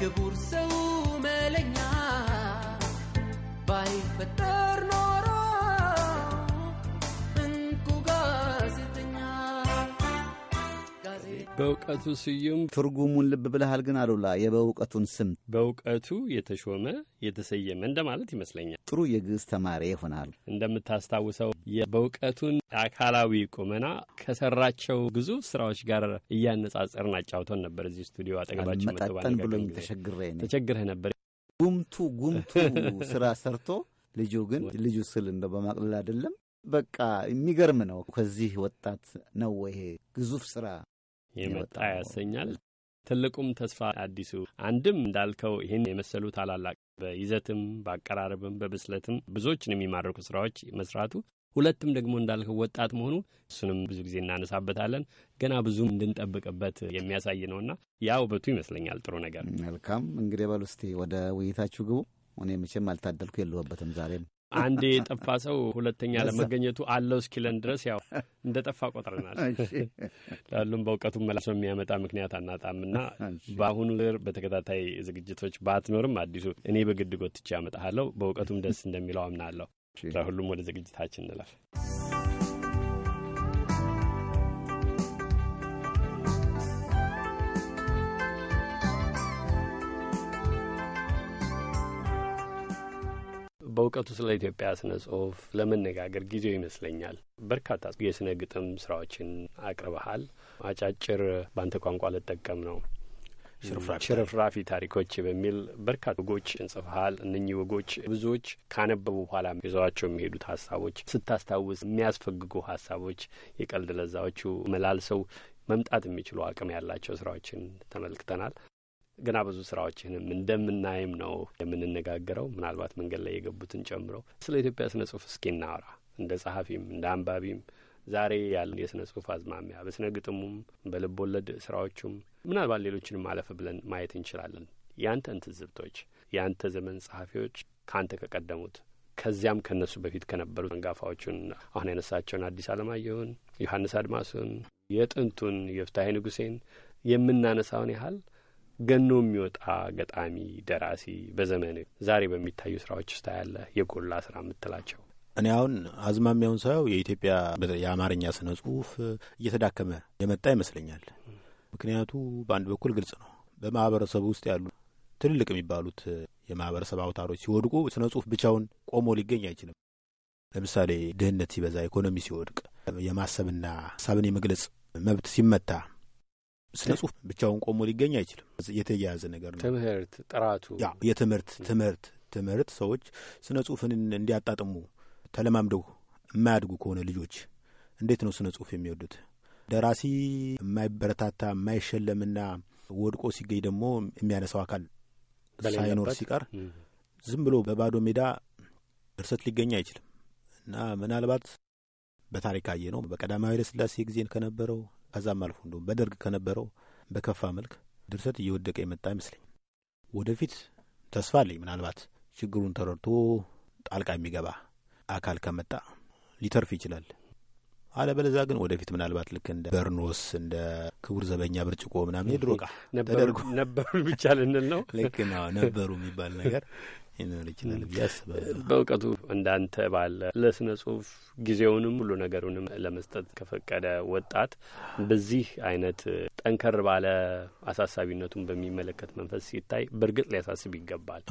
Speaker 7: ክቡር ሰው መለኛ ባይፈጠር
Speaker 1: በእውቀቱ ስዩም ትርጉሙን
Speaker 2: ልብ ብለሃል ግን አሉላ የበእውቀቱን ስም
Speaker 1: በእውቀቱ የተሾመ የተሰየመ እንደማለት ይመስለኛል። ጥሩ የግዕዝ ተማሪ ይሆናል። እንደምታስታውሰው የበእውቀቱን አካላዊ ቁመና ከሰራቸው ግዙፍ ስራዎች ጋር እያነጻጸርን አጫውተን ነበር። እዚህ
Speaker 2: ስቱዲዮ አጠገባቸው መጠን ብሎኝ ተቸግሬ ተቸግረህ ነበር። ጉምቱ ጉምቱ ስራ ሰርቶ ልጁ ግን ልጁ ስል እንደው በማቅለል አይደለም። በቃ የሚገርም ነው። ከዚህ ወጣት ነው ይሄ ግዙፍ ስራ
Speaker 1: የመጣ ያሰኛል። ትልቁም ተስፋ አዲሱ አንድም እንዳልከው ይህን የመሰሉ ታላላቅ በይዘትም በአቀራረብም በብስለትም ብዙዎችን የሚማርኩ ስራዎች መስራቱ፣ ሁለትም ደግሞ እንዳልከው ወጣት መሆኑ እሱንም ብዙ ጊዜ እናነሳበታለን። ገና ብዙ እንድንጠብቅበት የሚያሳይ ነውና ያ
Speaker 2: ውበቱ ይመስለኛል ጥሩ ነገር። መልካም እንግዲህ በሉ እስቲ ወደ ውይይታችሁ ግቡ። እኔ መቼም አልታደልኩ የለሁበትም ዛሬም አንድ
Speaker 1: የጠፋ ሰው ሁለተኛ ለመገኘቱ አለው እስኪለን ድረስ ያው እንደ ጠፋ ቆጥረናል። ላሉም በእውቀቱም መላሶ የሚያመጣ ምክንያት አናጣምና በአሁኑ ር በተከታታይ ዝግጅቶች ባትኖርም አዲሱ እኔ በግድ ጎትቼ ያመጣሃለሁ። በእውቀቱም ደስ እንደሚለው አምናለሁ። ለሁሉም ወደ ዝግጅታችን እንለፍ። በእውቀቱ ስለ ኢትዮጵያ ስነ ጽሁፍ ለመነጋገር ጊዜው ይመስለኛል። በርካታ የስነ ግጥም ስራዎችን አቅርበሃል። አጫጭር በአንተ ቋንቋ ልጠቀም ነው ሽርፍራፊ ታሪኮች በሚል በርካታ ወጎች እንጽፈሃል። እነኚህ ወጎች ብዙዎች ካነበቡ በኋላ ይዘዋቸው የሚሄዱት ሀሳቦች ስታስታውስ የሚያስፈግጉ ሀሳቦች፣ የቀልድ ለዛዎቹ መላልሰው መምጣት የሚችሉ አቅም ያላቸው ስራዎችን ተመልክተናል። ገና ብዙ ስራዎችህንም እንደምናይም ነው የምንነጋገረው፣ ምናልባት መንገድ ላይ የገቡትን ጨምሮ። ስለ ኢትዮጵያ ስነ ጽሁፍ እስኪ እናወራ። እንደ ጸሐፊም እንደ አንባቢም ዛሬ ያለ የስነ ጽሁፍ አዝማሚያ በስነ ግጥሙም በልብ ወለድ ስራዎቹም ምናልባት ሌሎችንም አለፍ ብለን ማየት እንችላለን። ያንተን ትዝብቶች ያንተ ዘመን ጸሐፊዎች ከአንተ ከቀደሙት ከዚያም ከእነሱ በፊት ከነበሩት አንጋፋዎቹን አሁን ያነሳቸውን አዲስ አለማየሁን፣ ዮሐንስ አድማሱን፣ የጥንቱን የፍትሐ ንጉሴን የምናነሳውን ያህል ገኖ የሚወጣ ገጣሚ፣ ደራሲ በዘመን ዛሬ በሚታዩ ስራዎች ውስጥ ያለ የጎላ ስራ የምትላቸው?
Speaker 8: እኔ አሁን አዝማሚያውን ሳየው የኢትዮጵያ የአማርኛ ስነ ጽሁፍ እየተዳከመ የመጣ ይመስለኛል። ምክንያቱ በአንድ በኩል ግልጽ ነው። በማህበረሰቡ ውስጥ ያሉ ትልልቅ የሚባሉት የማህበረሰብ አውታሮች ሲወድቁ ስነ ጽሁፍ ብቻውን ቆሞ ሊገኝ አይችልም። ለምሳሌ ድህነት ሲበዛ፣ ኢኮኖሚ ሲወድቅ፣ የማሰብና ሀሳብን የመግለጽ መብት ሲመታ ስነ ጽሁፍ ብቻውን ቆሞ ሊገኝ አይችልም። የተያያዘ ነገር ነው። ትምህርት ጥራቱ ያ የትምህርት ትምህርት ትምህርት ሰዎች ስነ ጽሁፍን እንዲያጣጥሙ ተለማምደው የማያድጉ ከሆነ ልጆች እንዴት ነው ስነ ጽሁፍ የሚወዱት? ደራሲ የማይበረታታ የማይሸለምና ወድቆ ሲገኝ ደግሞ የሚያነሳው አካል ሳይኖር ሲቀር ዝም ብሎ በባዶ ሜዳ ድርሰት ሊገኝ አይችልም እና ምናልባት በታሪክ አየ ነው በቀዳማዊ ኃይለ ሥላሴ ጊዜን ከነበረው ከዛም አልፎ እንደሁም በደርግ ከነበረው በከፋ መልክ ድርሰት እየወደቀ የመጣ አይመስለኝም። ወደፊት ተስፋ አለኝ። ምናልባት ችግሩን ተረድቶ ጣልቃ የሚገባ አካል ከመጣ ሊተርፍ ይችላል። አለበለዛ ግን ወደፊት ምናልባት ልክ እንደ በርኖስ እንደ ክቡር ዘበኛ ብርጭቆ ምናምን የድሮ ዕቃ ተደርጎ
Speaker 1: ነበሩ ብቻ ልንል ነው። ልክ ነው ነበሩ የሚባል ነገር
Speaker 8: ይኖር ይችላል ብዬ
Speaker 1: አስባለሁ። በእውቀቱ እንዳንተ ባለ ለስነ ጽሁፍ ጊዜውንም ሁሉ ነገሩንም ለመስጠት ከፈቀደ ወጣት በዚህ አይነት ጠንከር ባለ አሳሳቢነቱን በሚመለከት መንፈስ ሲታይ በእርግጥ ሊያሳስብ ይገባል።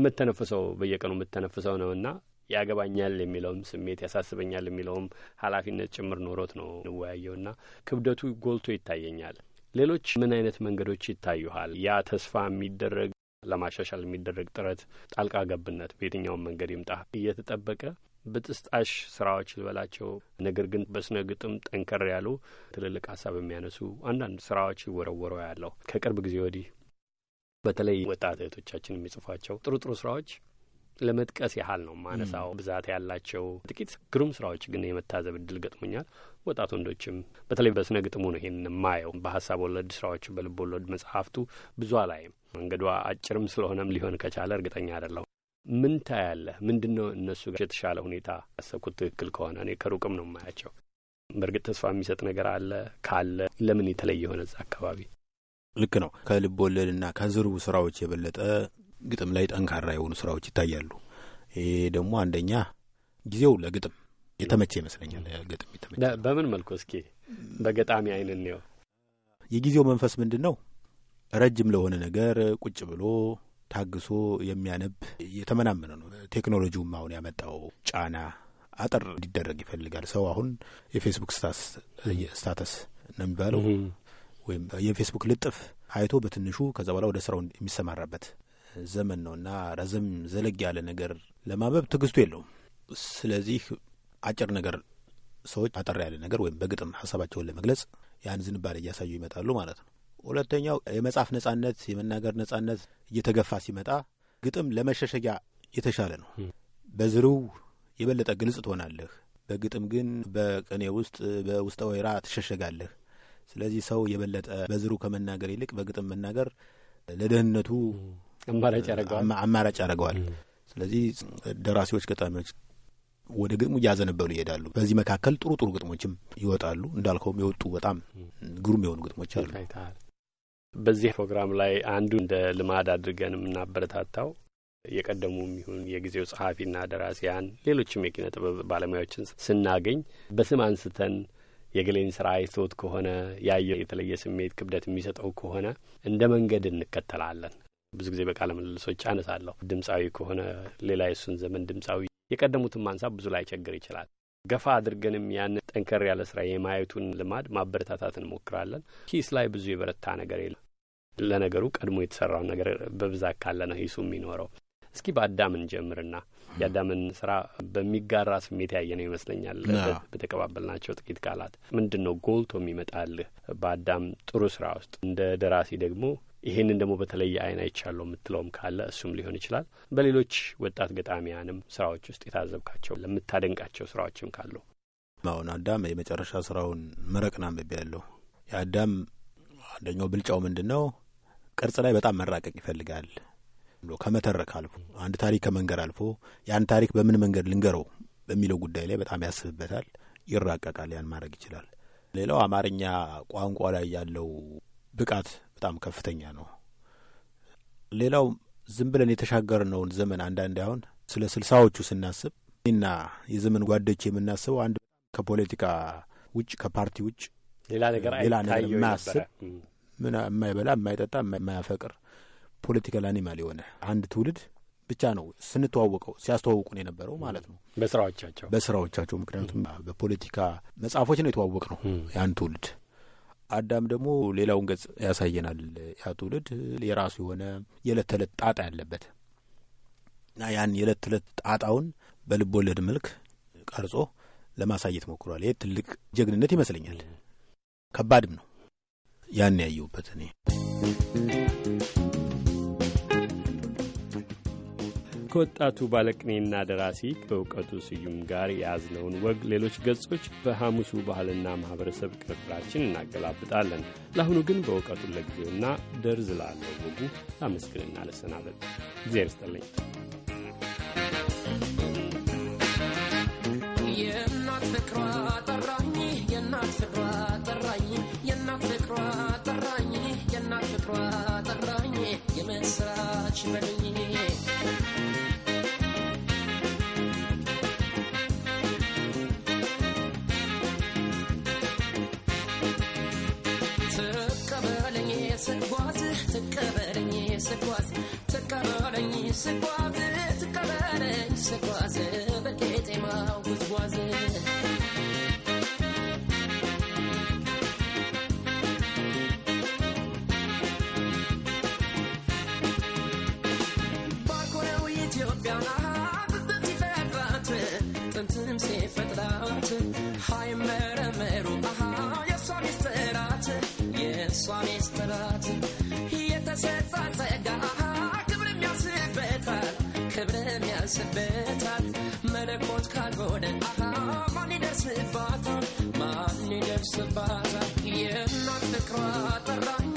Speaker 1: የምተነፍሰው በየቀኑ የምተነፍሰው ነውና ያገባኛል የሚለውም ስሜት ያሳስበኛል የሚለውም ኃላፊነት ጭምር ኖሮት ነው እንወያየውና ክብደቱ ጎልቶ ይታየኛል። ሌሎች ምን አይነት መንገዶች ይታዩሃል? ያ ተስፋ የሚደረግ ለማሻሻል የሚደረግ ጥረት ጣልቃ ገብነት በየትኛውም መንገድ ይምጣ እየተጠበቀ ብጥስጣሽ ስራዎች ልበላቸው፣ ነገር ግን በስነ ግጥም ጠንከር ያሉ ትልልቅ ሀሳብ የሚያነሱ አንዳንድ ስራዎች ይወረወረ ያለው ከቅርብ ጊዜ ወዲህ በተለይ ወጣት እህቶቻችን የሚጽፏቸው ጥሩ ጥሩ ስራዎች ለመጥቀስ ያህል ነው ማነሳው። ብዛት ያላቸው ጥቂት ግሩም ስራዎች ግን የመታዘብ እድል ገጥሞኛል። ወጣት ወንዶችም በተለይ በስነ ግጥሙ ነው ይሄን የማየው። በሀሳብ ወለድ ስራዎቹ፣ በልብ ወለድ መጽሐፍቱ ብዙ አላይም። መንገዷ አጭርም ስለሆነም ሊሆን ከቻለ እርግጠኛ አይደለሁ። ምን ታያለህ? ምንድን ነው እነሱ ጋር የተሻለ ሁኔታ ያሰብኩት ትክክል ከሆነ እኔ ከሩቅም ነው የማያቸው። በእርግጥ ተስፋ የሚሰጥ ነገር አለ ካለ ለምን የተለየ የሆነ እዛ አካባቢ
Speaker 8: ልክ ነው። ከልብ ወለድና ከዝርቡ ስራዎች የበለጠ ግጥም ላይ ጠንካራ የሆኑ ስራዎች ይታያሉ። ይሄ ደግሞ አንደኛ ጊዜው ለግጥም የተመቸ ይመስለኛል። ግጥም የተመቸ በምን መልኩ እስኪ በገጣሚ አይን እንየው። የጊዜው መንፈስ ምንድን ነው? ረጅም ለሆነ ነገር ቁጭ ብሎ ታግሶ የሚያነብ እየተመናመነ ነው። ቴክኖሎጂውም አሁን ያመጣው ጫና አጠር እንዲደረግ ይፈልጋል። ሰው አሁን የፌስቡክ ስታተስ ነው የሚባለው ወይም የፌስቡክ ልጥፍ አይቶ በትንሹ ከዛ በኋላ ወደ ስራው የሚሰማራበት ዘመን ነው እና ረዘም ዘለግ ያለ ነገር ለማንበብ ትዕግስቱ የለውም። ስለዚህ አጭር ነገር ሰዎች አጠር ያለ ነገር ወይም በግጥም ሀሳባቸውን ለመግለጽ ያን ዝንባሌ እያሳዩ ይመጣሉ ማለት ነው። ሁለተኛው የመጽሐፍ ነጻነት፣ የመናገር ነጻነት እየተገፋ ሲመጣ ግጥም ለመሸሸጊያ የተሻለ ነው። በዝርው የበለጠ ግልጽ ትሆናለህ። በግጥም ግን በቅኔ ውስጥ በውስጠ ወይራ ትሸሸጋለህ። ስለዚህ ሰው የበለጠ በዝሩ ከመናገር ይልቅ በግጥም መናገር ለደህንነቱ አማራጭ ያደርገዋል። ስለዚህ ደራሲዎች፣ ገጣሚዎች ወደ ግጥሙ እያዘነበሉ ይሄዳሉ። በዚህ መካከል ጥሩ ጥሩ ግጥሞችም ይወጣሉ። እንዳልከውም የወጡ በጣም ግሩም የሆኑ ግጥሞች አሉ።
Speaker 1: በዚህ ፕሮግራም ላይ አንዱ እንደ ልማድ አድርገን የምናበረታታው የቀደሙ የሚሆን የጊዜው ጸሐፊና ደራሲያን ሌሎችም የኪነ ጥበብ ባለሙያዎችን ስናገኝ በስም አንስተን የግሌን ስራ አይቶት ከሆነ ያየው የተለየ ስሜት ክብደት የሚሰጠው ከሆነ እንደ መንገድ እንከተላለን። ብዙ ጊዜ በቃለ ምልልሶች አነሳለሁ። ድምፃዊ ከሆነ ሌላ የሱን ዘመን ድምፃዊ የቀደሙትን ማንሳት ብዙ ላይ ቸግር ይችላል። ገፋ አድርገንም ያንን ጠንከር ያለ ስራ የማየቱን ልማድ ማበረታታት እንሞክራለን። ሂስ ላይ ብዙ የበረታ ነገር የለም። ለነገሩ ቀድሞ የተሰራውን ነገር በብዛት ካለ ነው ሂሱ የሚኖረው። እስኪ በአዳም እንጀምርና የአዳምን ስራ በሚጋራ ስሜት ነው ይመስለኛል። በተቀባበልናቸው ጥቂት ቃላት ምንድን ነው ጎልቶ የሚመጣልህ በአዳም ጥሩ ስራ ውስጥ እንደ ደራሲ ደግሞ ይሄንን ደግሞ በተለየ አይን አይቻለሁ የምትለውም ካለ እሱም ሊሆን ይችላል። በሌሎች ወጣት ገጣሚያንም ስራዎች ውስጥ የታዘብካቸው ለምታደንቃቸው ስራዎችም ካለው
Speaker 8: አሁን አዳም የመጨረሻ ስራውን መረቅን አንብቤ ያለሁ የአዳም አንደኛው ብልጫው ምንድን ነው? ቅርጽ ላይ በጣም መራቀቅ ይፈልጋል ብሎ ከመተረክ አልፎ አንድ ታሪክ ከመንገር አልፎ ያን ታሪክ በምን መንገድ ልንገረው በሚለው ጉዳይ ላይ በጣም ያስብበታል፣ ይራቀቃል። ያን ማድረግ ይችላል። ሌላው አማርኛ ቋንቋ ላይ ያለው ብቃት በጣም ከፍተኛ ነው። ሌላው ዝም ብለን የተሻገርነውን ዘመን አንዳንድ አሁን ስለ ስልሳዎቹ ስናስብ እና የዘመን ጓደች የምናስበው አንድ ከፖለቲካ ውጭ ከፓርቲ ውጭ
Speaker 1: ሌላ ነገር ሌላ ነገር የማያስብ
Speaker 8: ምን የማይበላ፣ የማይጠጣ፣ የማያፈቅር ፖለቲካል አኒማል የሆነ አንድ ትውልድ ብቻ ነው ስንተዋወቀው ሲያስተዋውቁ ነው የነበረው ማለት ነው። በስራዎቻቸው በስራዎቻቸው ምክንያቱም በፖለቲካ መጽሐፎች ነው የተዋወቅ ነው የአንድ ትውልድ አዳም ደግሞ ሌላውን ገጽ ያሳየናል። ያ ትውልድ የራሱ የሆነ የዕለት ተዕለት ጣጣ ያለበት እና ያን የዕለት ተዕለት ጣጣውን በልብ ወለድ መልክ ቀርጾ ለማሳየት ሞክሯል። ይህ ትልቅ ጀግንነት ይመስለኛል። ከባድም ነው ያን ያየሁበት እኔ
Speaker 1: ከወጣቱ ባለቅኔና ደራሲ ከእውቀቱ ስዩም ጋር የያዝነውን ወግ ሌሎች ገጾች በሐሙሱ ባህልና ማኅበረሰብ ቅንብራችን እናገላብጣለን። ለአሁኑ ግን በእውቀቱን ለጊዜውና ደርዝ ላለው ወጉ ላመስግንና ልሰናበት። እግዚአብሔር ይስጥልኝ።
Speaker 7: የእናት ፍቅሯ se quase, se Barra, je na te kratera.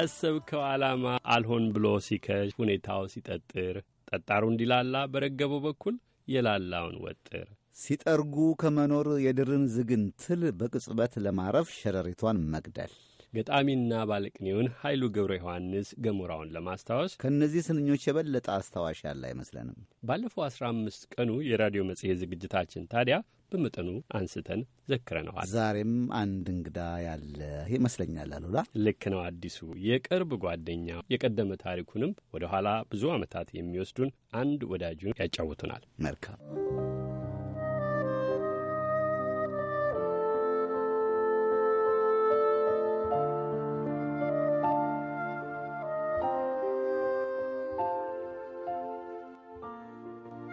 Speaker 1: ያሰብከው ዓላማ አልሆን ብሎ ሲከሽ ሁኔታው ሲጠጥር ጠጣሩ እንዲላላ በረገበው በኩል የላላውን ወጥር
Speaker 2: ሲጠርጉ ከመኖር የድርን ዝግን ትል በቅጽበት ለማረፍ ሸረሪቷን መግደል
Speaker 1: ገጣሚና ባለቅኔውን ኃይሉ ገብረ ዮሐንስ ገሞራውን ለማስታወስ ከእነዚህ ስንኞች የበለጠ አስታዋሽ ያለ አይመስለንም። ባለፈው አስራ አምስት ቀኑ የራዲዮ መጽሔት ዝግጅታችን ታዲያ በመጠኑ አንስተን ዘክረነዋል።
Speaker 2: ዛሬም አንድ እንግዳ ያለ ይመስለኛል። አሉላ ልክ ነው።
Speaker 1: አዲሱ የቅርብ ጓደኛ የቀደመ ታሪኩንም ወደ ኋላ ብዙ ዓመታት የሚወስዱን አንድ ወዳጁን ያጫውቱናል። መልካም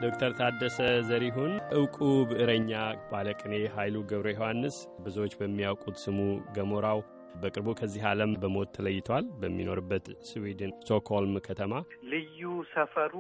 Speaker 1: ዶክተር ታደሰ ዘሪሁን እውቁ ብዕረኛ ባለቅኔ ኃይሉ ገብረ ዮሐንስ ብዙዎች በሚያውቁት ስሙ ገሞራው በቅርቡ ከዚህ ዓለም በሞት ተለይተዋል። በሚኖርበት ስዊድን ስቶክሆልም ከተማ
Speaker 9: ልዩ ሰፈሩ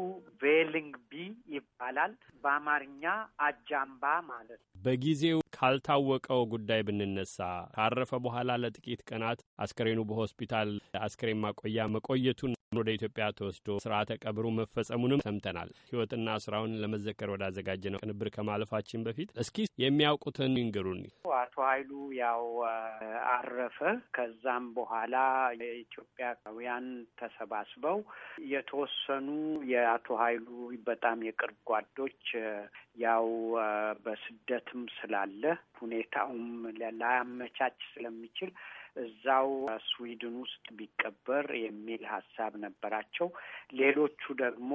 Speaker 9: ቬሊንግቢ ይባላል። በአማርኛ አጃምባ ማለት ነው።
Speaker 1: በጊዜው ካልታወቀው ጉዳይ ብንነሳ ካረፈ በኋላ ለጥቂት ቀናት አስከሬኑ በሆስፒታል አስከሬን ማቆያ መቆየቱን ወደ ኢትዮጵያ ተወስዶ ስርዓተ ቀብሩ መፈጸሙንም ሰምተናል። ሕይወትና ስራውን ለመዘከር ወዳዘጋጀ ነው ቅንብር ከማለፋችን በፊት እስኪ የሚያውቁትን ይንገሩን።
Speaker 9: ኃይሉ ያው አረፈ። ከዛም በኋላ የኢትዮጵያውያን ተሰባስበው የተወሰኑ የአቶ ኃይሉ በጣም የቅርብ ጓዶች ያው በስደትም ስላለ ሁኔታውም ላያመቻች ስለሚችል እዛው ስዊድን ውስጥ ቢቀበር የሚል ሀሳብ ነበራቸው። ሌሎቹ ደግሞ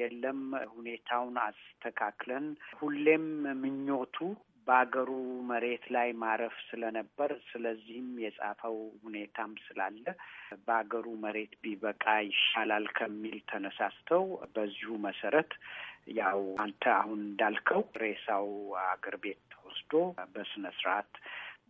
Speaker 9: የለም ሁኔታውን አስተካክለን ሁሌም ምኞቱ በአገሩ መሬት ላይ ማረፍ ስለነበር ስለዚህም የጻፈው ሁኔታም ስላለ በአገሩ መሬት ቢበቃ ይሻላል ከሚል ተነሳስተው በዚሁ መሰረት ያው አንተ አሁን እንዳልከው ሬሳው አገር ቤት ተወስዶ በስነ ስርዓት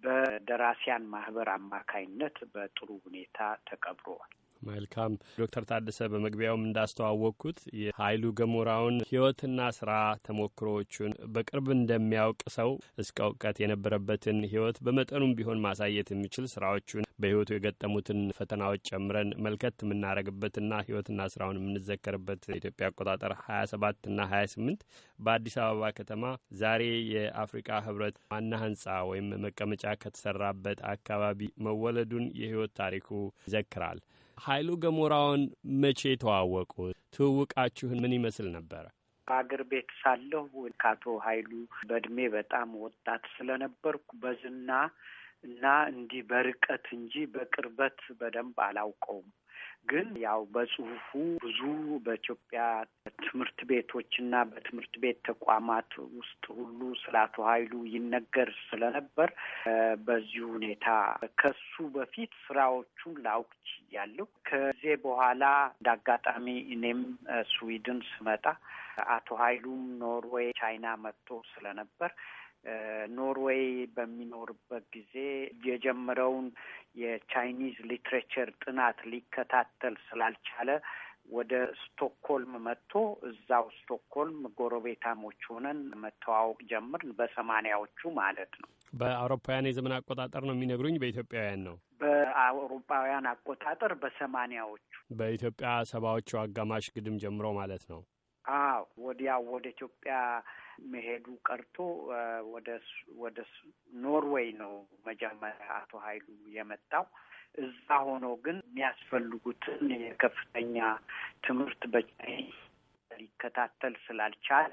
Speaker 9: በደራሲያን ማህበር አማካይነት በጥሩ ሁኔታ ተቀብሯል።
Speaker 1: መልካም ዶክተር ታደሰ በመግቢያውም እንዳስተዋወቅኩት የኃይሉ ገሞራውን ህይወትና ስራ ተሞክሮዎቹን በቅርብ እንደሚያውቅ ሰው እስከ እውቀት የነበረበትን ህይወት በመጠኑም ቢሆን ማሳየት የሚችል ስራዎቹን በህይወቱ የገጠሙትን ፈተናዎች ጨምረን መልከት የምናደርግበትና ህይወትና ስራውን የምንዘከርበት ኢትዮጵያ አቆጣጠር 27 እና 28 በአዲስ አበባ ከተማ ዛሬ የአፍሪካ ህብረት ዋና ህንጻ ወይም መቀመጫ ከተሰራበት አካባቢ መወለዱን የህይወት ታሪኩ ይዘክራል። ኃይሉ ገሞራውን መቼ ተዋወቁ? ትውውቃችሁን ምን ይመስል ነበረ?
Speaker 9: በአገር ቤት ሳለሁ ከአቶ ኃይሉ በእድሜ በጣም ወጣት ስለነበርኩ በዝና እና እንዲህ በርቀት እንጂ በቅርበት በደንብ አላውቀውም። ግን ያው በጽሁፉ ብዙ በኢትዮጵያ ትምህርት ቤቶችና በትምህርት ቤት ተቋማት ውስጥ ሁሉ ስለ አቶ ኃይሉ ይነገር ስለነበር በዚህ ሁኔታ ከሱ በፊት ስራዎቹን ላውቅች ያለው ከዚህ በኋላ እንዳጋጣሚ እኔም ስዊድን ስመጣ አቶ ኃይሉም ኖርዌይ፣ ቻይና መጥቶ ስለነበር ኖርዌይ በሚኖርበት ጊዜ የጀመረውን የቻይኒዝ ሊትሬቸር ጥናት ሊከታተል ስላልቻለ ወደ ስቶክሆልም መጥቶ እዛው ስቶክሆልም ጎረቤታሞች ሆነን መተዋወቅ ጀምርን። በሰማኒያዎቹ ማለት
Speaker 1: ነው። በአውሮፓውያን የዘመን አቆጣጠር ነው የሚነግሩኝ? በኢትዮጵያውያን ነው።
Speaker 9: በአውሮፓውያን አቆጣጠር በሰማኒያዎቹ
Speaker 1: በኢትዮጵያ ሰባዎቹ አጋማሽ ግድም ጀምሮ ማለት ነው።
Speaker 9: አዎ ወዲያው ወደ ኢትዮጵያ መሄዱ ቀርቶ ወደ ወደ ኖርዌይ ነው መጀመሪያ አቶ ኃይሉ የመጣው። እዛ ሆኖ ግን የሚያስፈልጉትን የከፍተኛ ትምህርት በቻይ ሊከታተል ስላልቻለ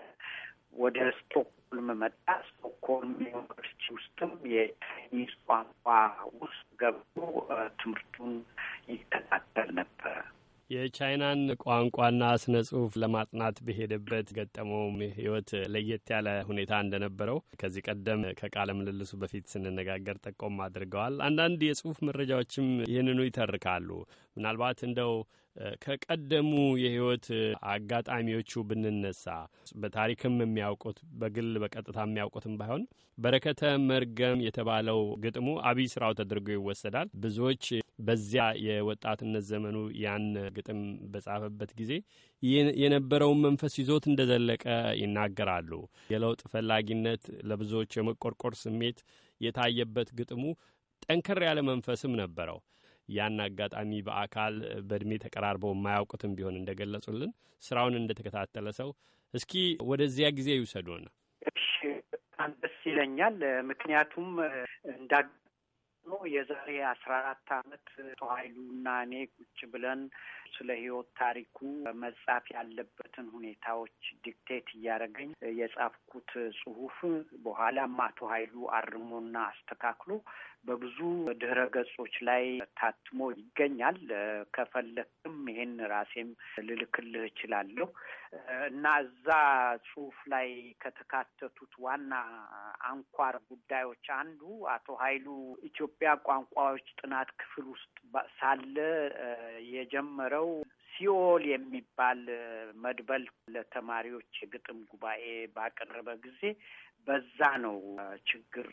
Speaker 9: ወደ ስቶክሆልም መጣ። ስቶክሆልም ዩኒቨርሲቲ ውስጥም የቻይኒዝ ቋንቋ ውስጥ ገብቶ ትምህርቱን ይከታተል
Speaker 1: ነበረ። የቻይናን ቋንቋና ስነ ጽሁፍ ለማጥናት በሄደበት ገጠመውም ህይወት ለየት ያለ ሁኔታ እንደነበረው ከዚህ ቀደም ከቃለ ምልልሱ በፊት ስንነጋገር ጠቆም አድርገዋል። አንዳንድ የጽሁፍ መረጃዎችም ይህንኑ ይተርካሉ። ምናልባት እንደው ከቀደሙ የህይወት አጋጣሚዎቹ ብንነሳ በታሪክም የሚያውቁት በግል በቀጥታ የሚያውቁትም ባይሆን በረከተ መርገም የተባለው ግጥሙ አብይ ስራው ተደርጎ ይወሰዳል። ብዙዎች በዚያ የወጣትነት ዘመኑ ያን ግጥም በጻፈበት ጊዜ የነበረውን መንፈስ ይዞት እንደዘለቀ ይናገራሉ። የለውጥ ፈላጊነት፣ ለብዙዎች የመቆርቆር ስሜት የታየበት ግጥሙ ጠንከር ያለ መንፈስም ነበረው። ያን አጋጣሚ በአካል በእድሜ ተቀራርበው የማያውቁትም ቢሆን እንደገለጹልን ስራውን እንደተከታተለ ሰው እስኪ ወደዚያ ጊዜ ይውሰዱን።
Speaker 9: እሺ፣ በጣም ደስ ይለኛል። ምክንያቱም እንዳ የዛሬ አስራ አራት አመት አቶ ኃይሉና እኔ ቁጭ ብለን ስለ ህይወት ታሪኩ መጻፍ ያለበትን ሁኔታዎች ዲክቴት እያደረገኝ የጻፍኩት ጽሁፍ በኋላም አቶ ኃይሉ አርሞና አስተካክሎ በብዙ ድህረ ገጾች ላይ ታትሞ ይገኛል። ከፈለክም ይሄን ራሴም ልልክልህ እችላለሁ እና እዛ ጽሁፍ ላይ ከተካተቱት ዋና አንኳር ጉዳዮች አንዱ አቶ ኃይሉ ኢትዮጵያ ቋንቋዎች ጥናት ክፍል ውስጥ ሳለ የጀመረው ሲኦል የሚባል መድበል ለተማሪዎች የግጥም ጉባኤ ባቀረበ ጊዜ በዛ ነው ችግር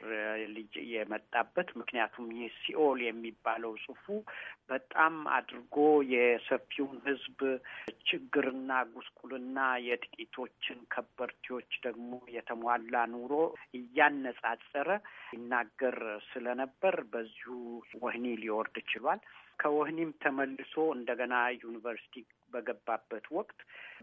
Speaker 9: ልጅ የመጣበት። ምክንያቱም ይህ ሲኦል የሚባለው ጽሑፉ በጣም አድርጎ የሰፊውን ሕዝብ ችግርና ጉስቁልና የጥቂቶችን ከበርቲዎች ደግሞ የተሟላ ኑሮ እያነጻጸረ ይናገር ስለነበር በዚሁ ወህኒ ሊወርድ ችሏል። ከወህኒም ተመልሶ እንደገና ዩኒቨርሲቲ በገባበት ወቅት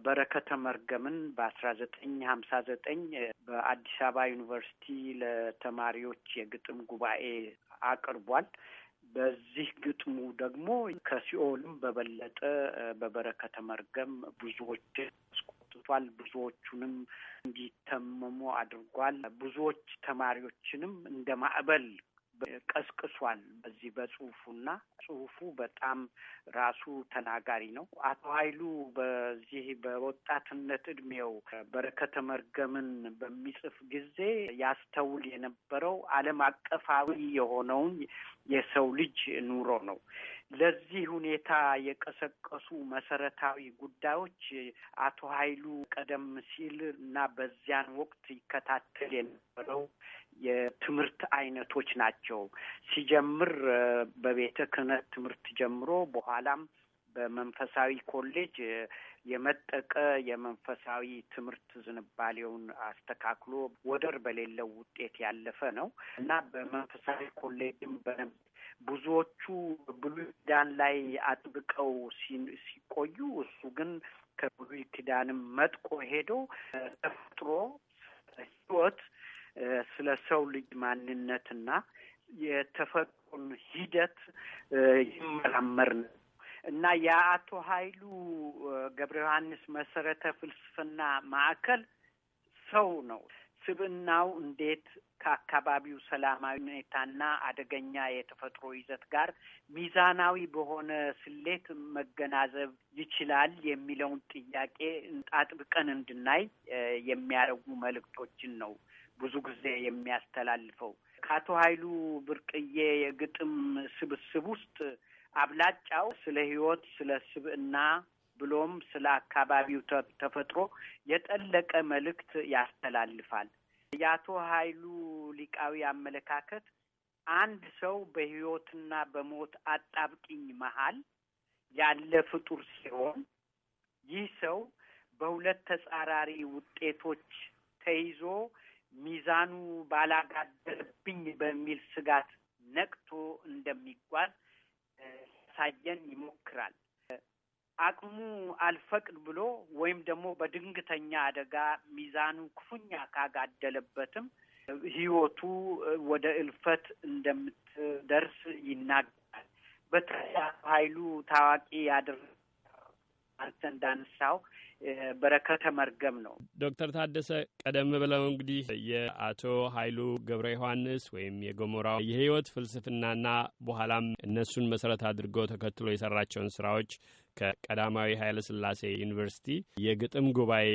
Speaker 9: በረከተ መርገምን በአስራ ዘጠኝ ሀምሳ ዘጠኝ በአዲስ አበባ ዩኒቨርሲቲ ለተማሪዎች የግጥም ጉባኤ አቅርቧል። በዚህ ግጥሙ ደግሞ ከሲኦልም በበለጠ በበረከተ መርገም ብዙዎች አስቆጥቷል። ብዙዎቹንም እንዲተመሙ አድርጓል። ብዙዎች ተማሪዎችንም እንደ ማዕበል ቀስቅሷል በዚህ በጽሁፉና ጽሁፉ በጣም ራሱ ተናጋሪ ነው። አቶ ኃይሉ በዚህ በወጣትነት እድሜው በረከተ መርገምን በሚጽፍ ጊዜ ያስተውል የነበረው ዓለም አቀፋዊ የሆነውን የሰው ልጅ ኑሮ ነው። ለዚህ ሁኔታ የቀሰቀሱ መሰረታዊ ጉዳዮች አቶ ኃይሉ ቀደም ሲል እና በዚያን ወቅት ይከታተል የነበረው የትምህርት አይነቶች ናቸው። ሲጀምር በቤተ ክህነት ትምህርት ጀምሮ በኋላም በመንፈሳዊ ኮሌጅ የመጠቀ የመንፈሳዊ ትምህርት ዝንባሌውን አስተካክሎ ወደር በሌለው ውጤት ያለፈ ነው እና በመንፈሳዊ ኮሌጅም በነበ ብዙዎቹ ብሉይ ኪዳን ላይ አጥብቀው ሲቆዩ እሱ ግን ከብሉይ ኪዳንም መጥቆ ሄዶ ተፈጥሮ፣ ህይወት ስለ ሰው ልጅ ማንነትና የተፈጥሮን ሂደት ይመራመር ነው እና የአቶ ኃይሉ ገብረ ዮሐንስ መሰረተ ፍልስፍና ማዕከል ሰው ነው። ስብናው እንዴት ከአካባቢው ሰላማዊ ሁኔታና አደገኛ የተፈጥሮ ይዘት ጋር ሚዛናዊ በሆነ ስሌት መገናዘብ ይችላል የሚለውን ጥያቄ አጥብቀን እንድናይ የሚያደርጉ መልእክቶችን ነው ብዙ ጊዜ የሚያስተላልፈው። ከአቶ ኃይሉ ብርቅዬ የግጥም ስብስብ ውስጥ አብላጫው ስለ ሕይወት፣ ስለ ስብዕና፣ ብሎም ስለ አካባቢው ተፈጥሮ የጠለቀ መልእክት ያስተላልፋል። የአቶ ኃይሉ ሊቃዊ አመለካከት አንድ ሰው በሕይወትና በሞት አጣብቂኝ መሀል ያለ ፍጡር ሲሆን ይህ ሰው በሁለት ተጻራሪ ውጤቶች ተይዞ ሚዛኑ ባላጋደለብኝ በሚል ስጋት ነቅቶ እንደሚጓዝ ያሳየን ይሞክራል። አቅሙ አልፈቅድ ብሎ ወይም ደግሞ በድንገተኛ አደጋ ሚዛኑ ክፉኛ ካጋደለበትም ህይወቱ ወደ እልፈት እንደምትደርስ ይናገራል። በተለይ ኃይሉ ታዋቂ ያደረ አንተ እንዳነሳው በረከተ
Speaker 3: መርገም ነው።
Speaker 1: ዶክተር ታደሰ ቀደም ብለው እንግዲህ የአቶ ኃይሉ ገብረ ዮሐንስ ወይም የገሞራው የህይወት ፍልስፍናና በኋላም እነሱን መሰረት አድርጎ ተከትሎ የሰራቸውን ስራዎች ከቀዳማዊ ኃይለ ስላሴ ዩኒቨርሲቲ የግጥም ጉባኤ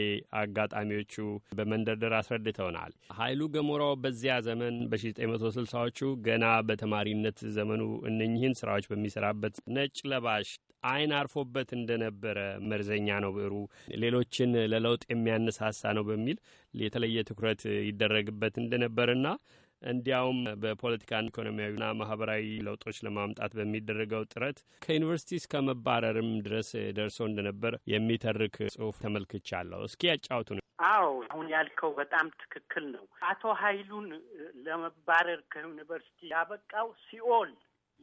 Speaker 1: አጋጣሚዎቹ በመንደርደር አስረድተውናል። ኃይሉ ገሞራው በዚያ ዘመን በ1960ዎቹ ገና በተማሪነት ዘመኑ እነኚህን ስራዎች በሚሰራበት ነጭ ለባሽ አይን አርፎበት እንደነበረ መርዘኛ ነው ብዕሩ ሌሎችን ለለውጥ የሚያነሳሳ ነው በሚል የተለየ ትኩረት ይደረግበት እንደነበርና እንዲያውም በፖለቲካ ኢኮኖሚያዊና ማህበራዊ ለውጦች ለማምጣት በሚደረገው ጥረት ከዩኒቨርሲቲ እስከ መባረርም ድረስ ደርሶ እንደነበር የሚተርክ ጽሁፍ ተመልክቻለሁ። እስኪ ያጫውቱ ነው።
Speaker 9: አዎ አሁን ያልከው በጣም ትክክል ነው። አቶ ኃይሉን ለመባረር ከዩኒቨርሲቲ ያበቃው ሲኦል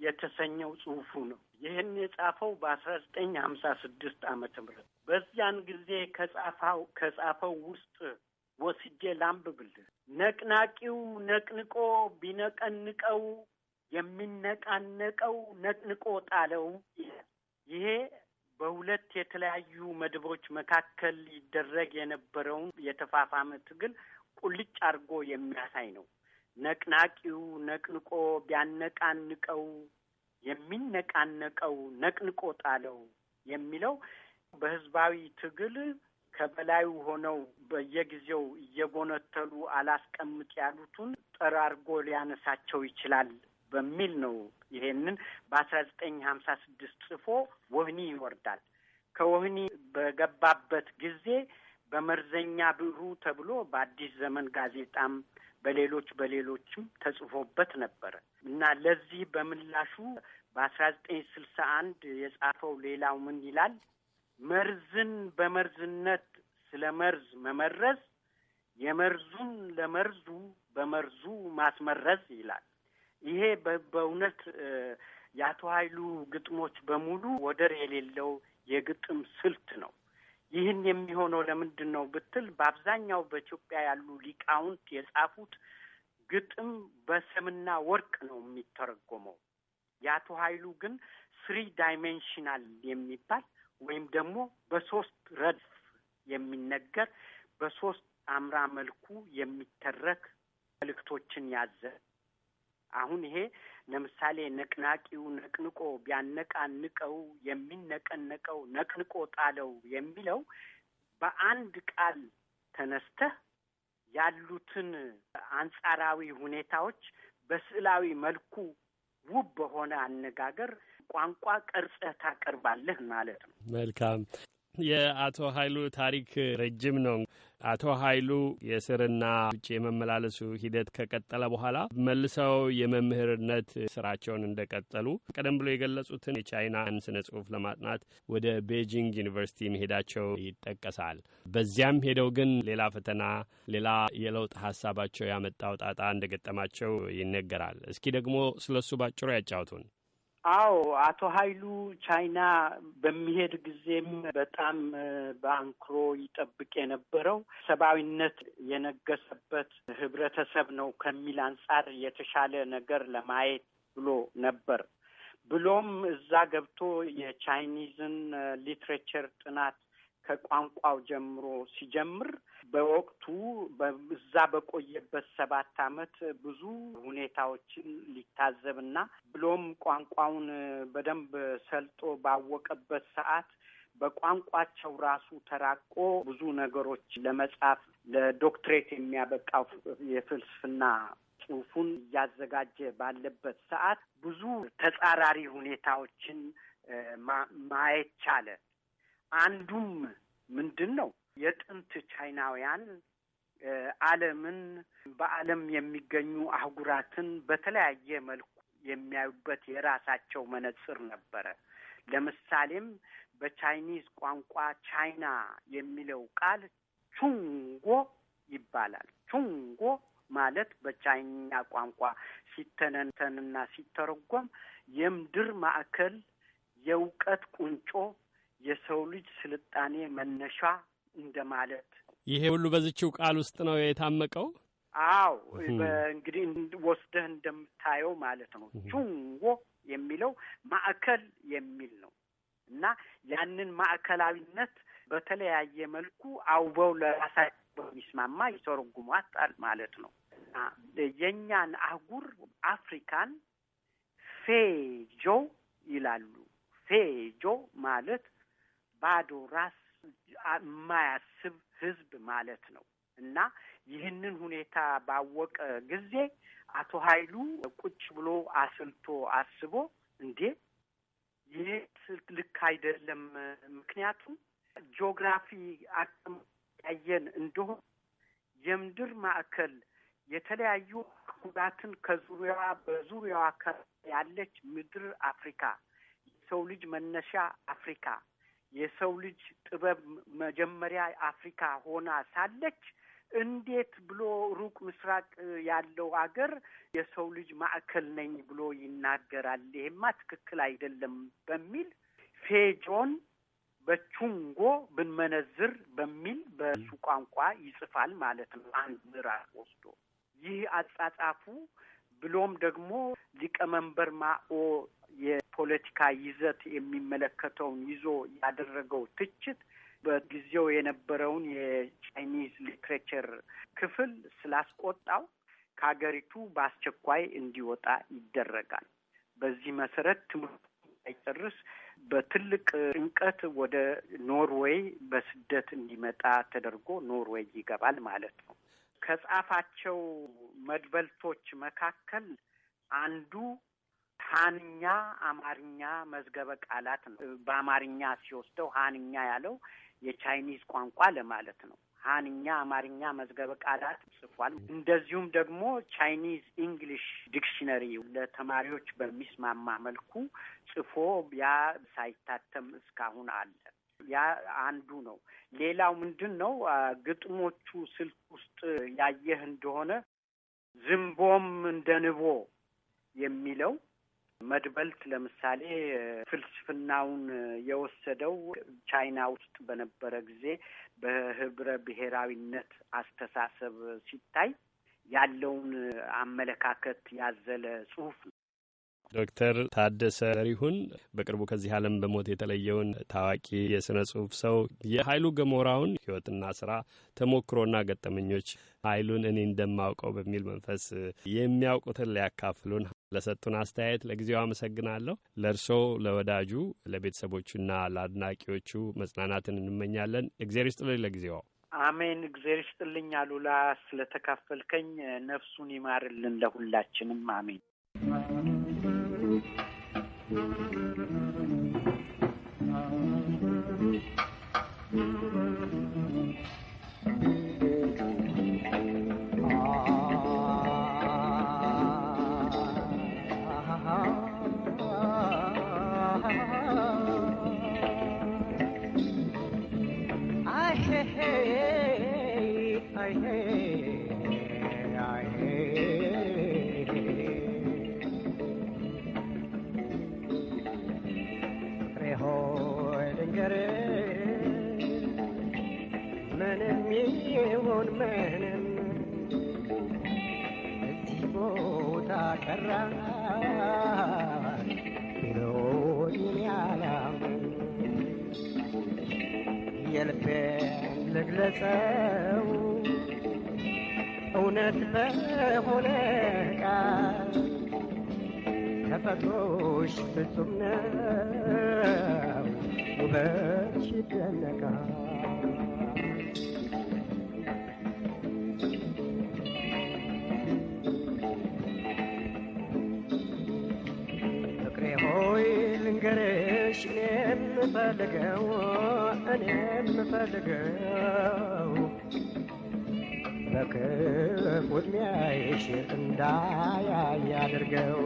Speaker 9: የተሰኘው ጽሁፉ ነው። ይህን የጻፈው በአስራ ዘጠኝ ሀምሳ ስድስት አመተ ምህረት በዚያን ጊዜ ከጻፋው ከጻፈው ውስጥ ወስጄ ላንብብልህ። ነቅናቂው ነቅንቆ ቢነቀንቀው የሚነቃነቀው ነቅንቆ ጣለው። ይሄ በሁለት የተለያዩ መድቦች መካከል ይደረግ የነበረውን የተፋፋመ ትግል ቁልጭ አድርጎ የሚያሳይ ነው። ነቅናቂው ነቅንቆ ቢያነቃንቀው የሚነቃነቀው ነቅንቆ ጣለው የሚለው በህዝባዊ ትግል ከበላዩ ሆነው በየጊዜው እየጎነተሉ አላስቀምጥ ያሉትን ጠራርጎ ሊያነሳቸው ይችላል በሚል ነው። ይሄንን በአስራ ዘጠኝ ሀምሳ ስድስት ጽፎ ወህኒ ይወርዳል። ከወህኒ በገባበት ጊዜ በመርዘኛ ብዕሩ ተብሎ በአዲስ ዘመን ጋዜጣም በሌሎች በሌሎችም ተጽፎበት ነበረ እና ለዚህ በምላሹ በአስራ ዘጠኝ ስልሳ አንድ የጻፈው ሌላው ምን ይላል? መርዝን በመርዝነት ስለ መርዝ መመረዝ የመርዙን ለመርዙ በመርዙ ማስመረዝ ይላል። ይሄ በእውነት የአቶ ኃይሉ ግጥሞች በሙሉ ወደር የሌለው የግጥም ስልት ነው። ይህን የሚሆነው ለምንድን ነው ብትል፣ በአብዛኛው በኢትዮጵያ ያሉ ሊቃውንት የጻፉት ግጥም በሰምና ወርቅ ነው የሚተረጎመው። የአቶ ኃይሉ ግን ስሪ ዳይሜንሽናል የሚባል ወይም ደግሞ በሶስት ረድፍ የሚነገር በሶስት አምራ መልኩ የሚተረክ መልእክቶችን ያዘ። አሁን ይሄ ለምሳሌ ነቅናቂው ነቅንቆ ቢያነቃንቀው የሚነቀነቀው ነቅንቆ ጣለው የሚለው በአንድ ቃል ተነስተህ ያሉትን አንጻራዊ ሁኔታዎች በስዕላዊ መልኩ ውብ በሆነ አነጋገር ቋንቋ ቀርጸህ ታቀርባለህ ማለት ነው።
Speaker 1: መልካም። የአቶ ኃይሉ ታሪክ ረጅም ነው። አቶ ኃይሉ የስርና ውጭ የመመላለሱ ሂደት ከቀጠለ በኋላ መልሰው የመምህርነት ስራቸውን እንደቀጠሉ ቀደም ብሎ የገለጹትን የቻይናን ስነ ጽሁፍ ለማጥናት ወደ ቤጂንግ ዩኒቨርሲቲ መሄዳቸው ይጠቀሳል። በዚያም ሄደው ግን ሌላ ፈተና፣ ሌላ የለውጥ ሀሳባቸው ያመጣው ጣጣ እንደገጠማቸው ይነገራል። እስኪ ደግሞ ስለሱ ባጭሩ ያጫውቱን።
Speaker 9: አዎ አቶ ኃይሉ ቻይና በሚሄድ ጊዜም በጣም በአንክሮ ይጠብቅ የነበረው ሰብአዊነት የነገሰበት ህብረተሰብ ነው ከሚል አንጻር የተሻለ ነገር ለማየት ብሎ ነበር። ብሎም እዛ ገብቶ የቻይኒዝን ሊትሬቸር ጥናት ከቋንቋው ጀምሮ ሲጀምር በወቅቱ እዛ በቆየበት ሰባት አመት ብዙ ሁኔታዎችን ሊታዘብ ብሎም ቋንቋውን በደንብ ሰልጦ ባወቀበት ሰዓት በቋንቋቸው ራሱ ተራቆ ብዙ ነገሮች ለመጻፍ ለዶክትሬት የሚያበቃው የፍልስፍና ጽሁፉን እያዘጋጀ ባለበት ሰዓት ብዙ ተጻራሪ ሁኔታዎችን ማየት ቻለ። አንዱም ምንድን ነው የጥንት ቻይናውያን ዓለምን በዓለም የሚገኙ አህጉራትን በተለያየ መልኩ የሚያዩበት የራሳቸው መነጽር ነበረ። ለምሳሌም በቻይኒዝ ቋንቋ ቻይና የሚለው ቃል ቹንጎ ይባላል። ቹንጎ ማለት በቻይኛ ቋንቋ ሲተነተንና ሲተረጎም የምድር ማዕከል፣ የእውቀት ቁንጮ፣ የሰው ልጅ ስልጣኔ መነሻ እንደማለት።
Speaker 1: ይሄ ሁሉ በዝችው ቃል ውስጥ ነው የታመቀው።
Speaker 9: አዎ እንግዲህ ወስደህ እንደምታየው ማለት ነው። ቹንጎ የሚለው ማዕከል የሚል ነው እና ያንን ማዕከላዊነት በተለያየ መልኩ አውበው ለራሳቸው የሚስማማ ይተረጉሟታል ማለት ነው። የእኛን አህጉር አፍሪካን ፌጆ ይላሉ። ፌጆ ማለት ባዶ ራስ የማያስብ ህዝብ ማለት ነው። እና ይህንን ሁኔታ ባወቀ ጊዜ አቶ ኃይሉ ቁጭ ብሎ አስልቶ አስቦ እንዴ ይህ ልክ አይደለም፣ ምክንያቱም ጂኦግራፊ አቅም ያየን እንደሆነ የምድር ማዕከል የተለያዩ ጉዳትን ከዙሪያዋ በዙሪያዋ ያለች ምድር አፍሪካ፣ የሰው ልጅ መነሻ አፍሪካ የሰው ልጅ ጥበብ መጀመሪያ አፍሪካ ሆና ሳለች እንዴት ብሎ ሩቅ ምስራቅ ያለው አገር የሰው ልጅ ማዕከል ነኝ ብሎ ይናገራል? ይሄማ ትክክል አይደለም በሚል ፌጆን በቹንጎ ብንመነዝር በሚል በሱ ቋንቋ ይጽፋል ማለት ነው። አንድ ምዕራፍ ወስዶ ይህ አጻጻፉ ብሎም ደግሞ ሊቀመንበር ማኦ ፖለቲካ ይዘት የሚመለከተውን ይዞ ያደረገው ትችት በጊዜው የነበረውን የቻይኒዝ ሊትሬቸር ክፍል ስላስቆጣው ከሀገሪቱ በአስቸኳይ እንዲወጣ ይደረጋል። በዚህ መሰረት ትምህርት ሳይጨርስ በትልቅ ጭንቀት ወደ ኖርዌይ በስደት እንዲመጣ ተደርጎ ኖርዌይ ይገባል ማለት ነው። ከጻፋቸው መድበልቶች መካከል አንዱ ሀንኛ አማርኛ መዝገበ ቃላት ነው። በአማርኛ ሲወስደው ሀንኛ ያለው የቻይኒዝ ቋንቋ ለማለት ነው። ሀንኛ አማርኛ መዝገበ ቃላት ጽፏል። እንደዚሁም ደግሞ ቻይኒዝ ኢንግሊሽ ዲክሽነሪ ለተማሪዎች በሚስማማ መልኩ ጽፎ ያ ሳይታተም እስካሁን አለ። ያ አንዱ ነው። ሌላው ምንድን ነው? ግጥሞቹ ስልክ ውስጥ ያየህ እንደሆነ ዝንቦም እንደ ንቦ የሚለው መድበልት ለምሳሌ ፍልስፍናውን የወሰደው ቻይና ውስጥ በነበረ ጊዜ በህብረ ብሔራዊነት አስተሳሰብ ሲታይ ያለውን አመለካከት ያዘለ ጽሁፍ ነው።
Speaker 1: ዶክተር ታደሰ ሪሁን በቅርቡ ከዚህ ዓለም በሞት የተለየውን ታዋቂ የሥነ ጽሁፍ ሰው የኃይሉ ገሞራውን ህይወትና ስራ ተሞክሮና ገጠመኞች ኃይሉን እኔ እንደማውቀው በሚል መንፈስ የሚያውቁትን ሊያካፍሉን ለሰጡን አስተያየት ለጊዜው አመሰግናለሁ። ለእርስዎ፣ ለወዳጁ፣ ለቤተሰቦቹና ለአድናቂዎቹ መጽናናትን እንመኛለን። እግዜር ይስጥልኝ ለጊዜው።
Speaker 9: አሜን። እግዜር ይስጥልኝ አሉላ፣ ስለተካፈልከኝ ነፍሱን ይማርልን ለሁላችንም አሜን።
Speaker 4: ታቀራ ብሎኝ ያላምን የልቤን ልግለጸው እውነት በሆነ ቃል ተፈጥሮሽ ፍጹም ነው ውበትሽ ይደነቃል ልንገርሽ እኔ የምፈልገው እኔ የምፈልገው በክፉ ዕድሜሽ እንዳያይ አድርገው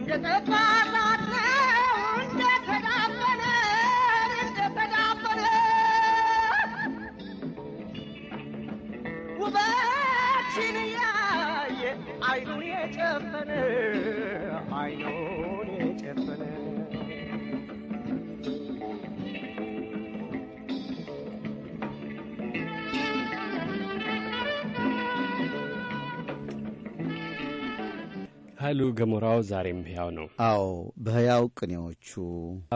Speaker 4: እንደተጣላት እንደተዳፈነ governor. I know
Speaker 1: ኃይሉ ገሞራው
Speaker 2: ዛሬም ሕያው ነው። አዎ በሕያው ቅኔዎቹ፣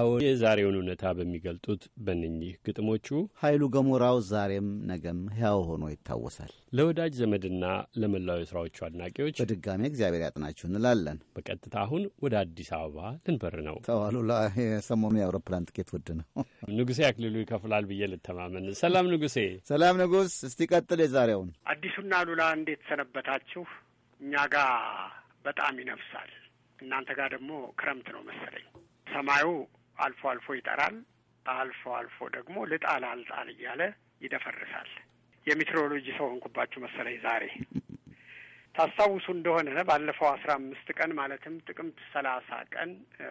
Speaker 2: አዎ የዛሬውን እውነታ በሚገልጡት በእነኚህ ግጥሞቹ ኃይሉ ገሞራው ዛሬም ነገም ሕያው ሆኖ ይታወሳል። ለወዳጅ ዘመድና ለመላው የሥራዎቹ አድናቂዎች በድጋሚ እግዚአብሔር ያጥናችሁ እንላለን።
Speaker 1: በቀጥታ አሁን ወደ አዲስ አበባ ልንበር ነው።
Speaker 2: ተዋሉላ የሰሞኑ የአውሮፕላን ትኬት ውድ ነው።
Speaker 1: ንጉሴ አክሊሉ ይከፍላል ብዬ ልተማመን። ሰላም ንጉሴ። ሰላም ንጉስ። እስቲ ቀጥል የዛሬውን።
Speaker 10: አዲሱና ሉላ እንዴት ሰነበታችሁ? እኛ ጋር በጣም ይነፍሳል። እናንተ ጋር ደግሞ ክረምት ነው መሰለኝ። ሰማዩ አልፎ አልፎ ይጠራል፣ አልፎ አልፎ ደግሞ ልጣል አልጣል እያለ ይደፈርሳል። የሜትሮሎጂ ሰው ሆንኩባችሁ መሰለኝ ዛሬ። ታስታውሱ እንደሆነ ባለፈው አስራ አምስት ቀን ማለትም ጥቅምት ሰላሳ ቀን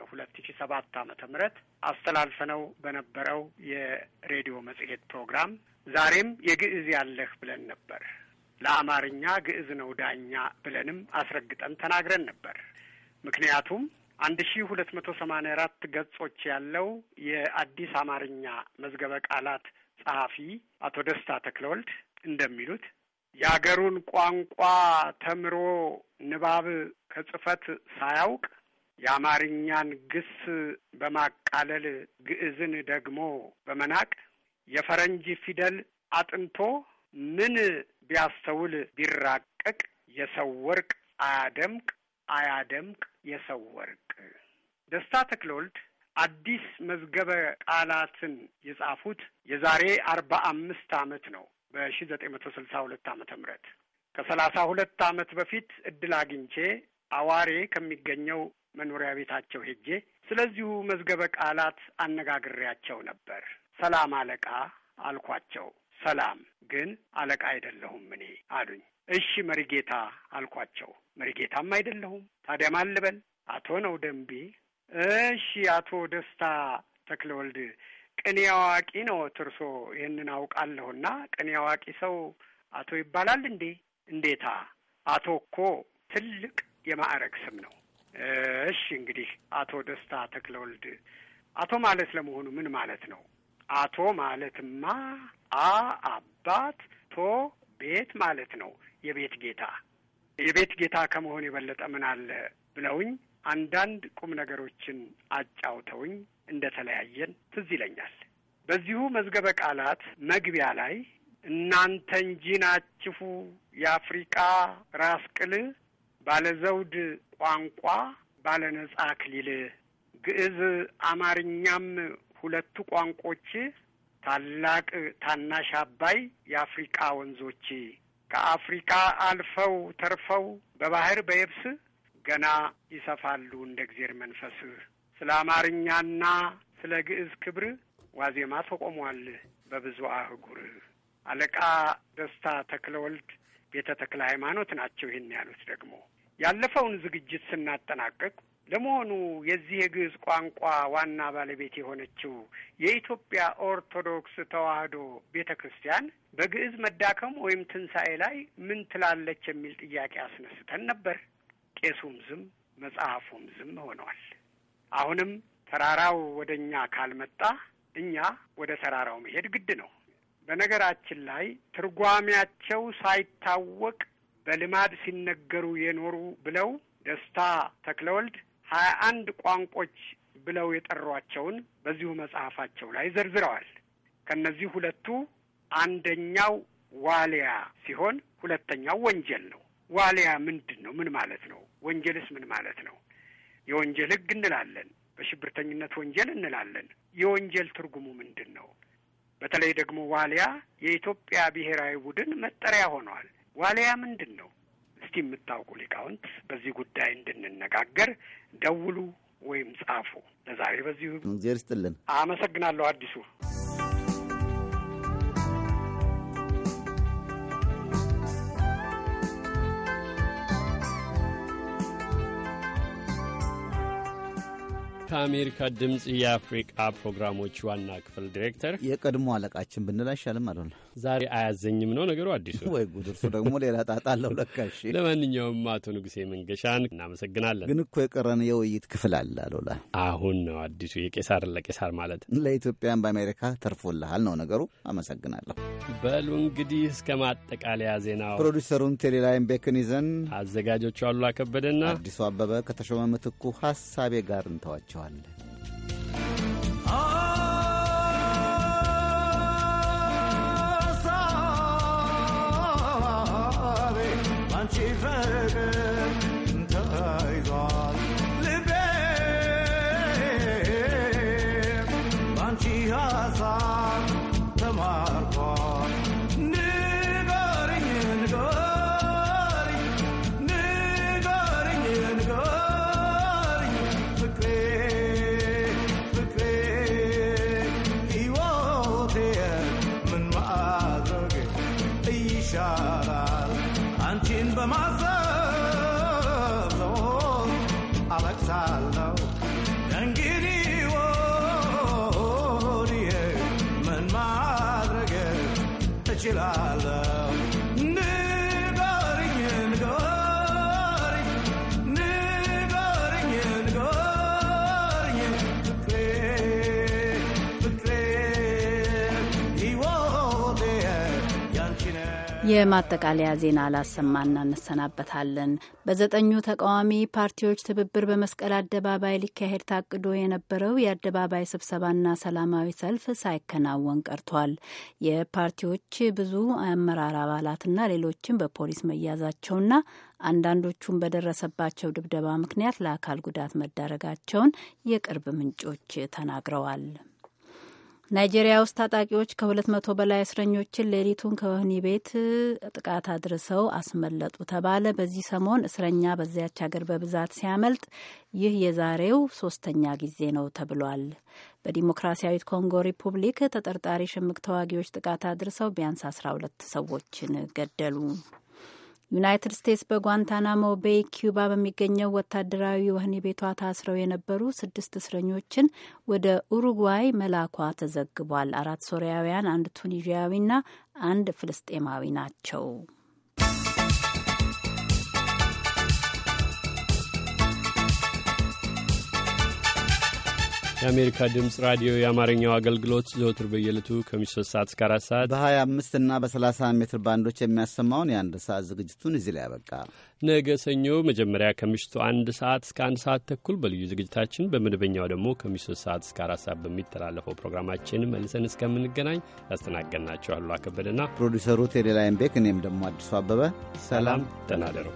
Speaker 10: ሁለት ሺ ሰባት ዓመተ ምህረት አስተላልፈነው በነበረው የሬዲዮ መጽሔት ፕሮግራም ዛሬም የግዕዝ ያለህ ብለን ነበር። ለአማርኛ ግዕዝ ነው ዳኛ ብለንም አስረግጠን ተናግረን ነበር። ምክንያቱም አንድ ሺ ሁለት መቶ ሰማኒያ አራት ገጾች ያለው የአዲስ አማርኛ መዝገበ ቃላት ጸሐፊ አቶ ደስታ ተክለወልድ እንደሚሉት የአገሩን ቋንቋ ተምሮ ንባብ ከጽፈት ሳያውቅ የአማርኛን ግስ በማቃለል ግዕዝን ደግሞ በመናቅ የፈረንጅ ፊደል አጥንቶ ምን ቢያስተውል ቢራቀቅ የሰው ወርቅ አያደምቅ አያደምቅ የሰው ወርቅ። ደስታ ተክለወልድ አዲስ መዝገበ ቃላትን የጻፉት የዛሬ አርባ አምስት አመት ነው በሺ ዘጠኝ መቶ ስልሳ ሁለት አመተ ምህረት ከሰላሳ ሁለት አመት በፊት እድል አግኝቼ አዋሬ ከሚገኘው መኖሪያ ቤታቸው ሄጄ ስለዚሁ መዝገበ ቃላት አነጋግሬያቸው ነበር። ሰላም አለቃ አልኳቸው። ሰላም ግን አለቃ አይደለሁም እኔ አሉኝ። እሺ መሪጌታ አልኳቸው። መሪጌታም አይደለሁም ታዲያ ማን ልበል? አቶ ነው ደንቤ። እሺ አቶ ደስታ ተክለወልድ ቅኔ አዋቂ ነው ትርሶ፣ ይህንን አውቃለሁና ቅኔ አዋቂ ሰው አቶ ይባላል እንዴ? እንዴታ! አቶ እኮ ትልቅ የማዕረግ ስም ነው። እሺ እንግዲህ አቶ ደስታ ተክለወልድ፣ አቶ ማለት ለመሆኑ ምን ማለት ነው አቶ ማለትማ አ አባት፣ ቶ ቤት ማለት ነው። የቤት ጌታ የቤት ጌታ ከመሆን የበለጠ ምን አለ ብለውኝ አንዳንድ ቁም ነገሮችን አጫውተውኝ እንደ ተለያየን ትዝ ይለኛል። በዚሁ መዝገበ ቃላት መግቢያ ላይ እናንተ እንጂ ናችሁ የአፍሪቃ ራስ ቅል፣ ባለዘውድ ቋንቋ፣ ባለነጻ ክሊል ግዕዝ አማርኛም ሁለቱ ቋንቆች ታላቅ ታናሽ አባይ የአፍሪቃ ወንዞች ከአፍሪቃ አልፈው ተርፈው በባህር በየብስ ገና ይሰፋሉ እንደ እግዜር መንፈስ። ስለ አማርኛና ስለ ግዕዝ ክብር ዋዜማ ተቆሟል በብዙ አህጉር። አለቃ ደስታ ተክለወልድ ቤተ ተክለ ሃይማኖት ናቸው ይህን ያሉት። ደግሞ ያለፈውን ዝግጅት ስናጠናቀቅ ለመሆኑ የዚህ የግዕዝ ቋንቋ ዋና ባለቤት የሆነችው የኢትዮጵያ ኦርቶዶክስ ተዋህዶ ቤተ ክርስቲያን በግዕዝ መዳከም ወይም ትንሣኤ ላይ ምን ትላለች የሚል ጥያቄ አስነስተን ነበር። ቄሱም ዝም፣ መጽሐፉም ዝም ሆነዋል። አሁንም ተራራው ወደ እኛ ካልመጣ እኛ ወደ ተራራው መሄድ ግድ ነው። በነገራችን ላይ ትርጓሚያቸው ሳይታወቅ በልማድ ሲነገሩ የኖሩ ብለው ደስታ ተክለወልድ ሀያ አንድ ቋንቆች ብለው የጠሯቸውን በዚሁ መጽሐፋቸው ላይ ዘርዝረዋል። ከእነዚህ ሁለቱ አንደኛው ዋሊያ ሲሆን ሁለተኛው ወንጀል ነው። ዋሊያ ምንድን ነው? ምን ማለት ነው? ወንጀልስ ምን ማለት ነው? የወንጀል ሕግ እንላለን፣ በሽብርተኝነት ወንጀል እንላለን። የወንጀል ትርጉሙ ምንድን ነው? በተለይ ደግሞ ዋሊያ የኢትዮጵያ ብሔራዊ ቡድን መጠሪያ ሆኗል። ዋሊያ ምንድን ነው? እስቲ የምታውቁ ሊቃውንት በዚህ ጉዳይ እንድንነጋገር ደውሉ ወይም ጻፉ። ለዛሬ በዚሁ እግዜር ይስጥልን። አመሰግናለሁ አዲሱ።
Speaker 1: ከአሜሪካ ድምፅ የአፍሪቃ ፕሮግራሞች ዋና ክፍል
Speaker 2: ዲሬክተር የቀድሞ አለቃችን ብንል አይሻልም? አሉን። ዛሬ አያዘኝም ነው ነገሩ። አዲሱ ወይ ጉድ! እርሱ ደግሞ ሌላ ጣጣ አለው ለካ።
Speaker 1: ለማንኛውም አቶ ንጉሴ መንገሻን እናመሰግናለን። ግን
Speaker 2: እኮ የቀረን የውይይት ክፍል አለ አሉላ። አሁን ነው አዲሱ የቄሳር ለቄሳር ማለት ለኢትዮጵያን በአሜሪካ ተርፎልሃል ነው ነገሩ። አመሰግናለሁ።
Speaker 1: በሉ እንግዲህ እስከ ማጠቃለያ ዜናው
Speaker 2: ፕሮዲሰሩን ቴሌላይን ቤክን ይዘን አዘጋጆቹ አሉላ ከበደና አዲሱ አበበ ከተሾመ ምትኩ ሀሳቤ ጋር እንተዋቸዋለን።
Speaker 4: ci verdim taygan libe
Speaker 5: የማጠቃለያ ዜና ላሰማና እንሰናበታለን። በዘጠኙ ተቃዋሚ ፓርቲዎች ትብብር በመስቀል አደባባይ ሊካሄድ ታቅዶ የነበረው የአደባባይ ስብሰባና ሰላማዊ ሰልፍ ሳይከናወን ቀርቷል። የፓርቲዎች ብዙ አመራር አባላትና ሌሎችም በፖሊስ መያዛቸውና አንዳንዶቹም በደረሰባቸው ድብደባ ምክንያት ለአካል ጉዳት መዳረጋቸውን የቅርብ ምንጮች ተናግረዋል። ናይጄሪያ ውስጥ ታጣቂዎች ከሁለት መቶ በላይ እስረኞችን ሌሊቱን ከወህኒ ቤት ጥቃት አድርሰው አስመለጡ ተባለ። በዚህ ሰሞን እስረኛ በዚያች ሀገር በብዛት ሲያመልጥ ይህ የዛሬው ሶስተኛ ጊዜ ነው ተብሏል። በዲሞክራሲያዊት ኮንጎ ሪፑብሊክ ተጠርጣሪ ሽምቅ ተዋጊዎች ጥቃት አድርሰው ቢያንስ አስራ ሁለት ሰዎችን ገደሉ። ዩናይትድ ስቴትስ በጓንታናሞ ቤይ ኪዩባ በሚገኘው ወታደራዊ ወህኒ ቤቷ ታስረው የነበሩ ስድስት እስረኞችን ወደ ኡሩጓይ መላኳ ተዘግቧል። አራት ሶሪያውያን፣ አንድ ቱኒዥያዊና አንድ ፍልስጤማዊ ናቸው።
Speaker 2: የአሜሪካ ድምፅ ራዲዮ የአማርኛው አገልግሎት ዘወትር በየለቱ ከምሽቱ 3 ሰዓት እስከ አራት ሰዓት በ25 እና በ30 ሜትር ባንዶች የሚያሰማውን የአንድ ሰዓት ዝግጅቱን እዚህ ላይ ያበቃ።
Speaker 1: ነገ ሰኞ መጀመሪያ ከምሽቱ አንድ ሰዓት እስከ አንድ ሰዓት ተኩል በልዩ ዝግጅታችን፣ በመደበኛው ደግሞ ከምሽቱ 3 ሰዓት እስከ አራት ሰዓት በሚተላለፈው ፕሮግራማችን መልሰን እስከምንገናኝ ያስተናገድናችሁ አሉላ ከበደና
Speaker 2: ፕሮዲሰሩ ቴሌላይን ቤክ፣ እኔም ደግሞ አዲሱ አበበ ሰላም ተናደረው።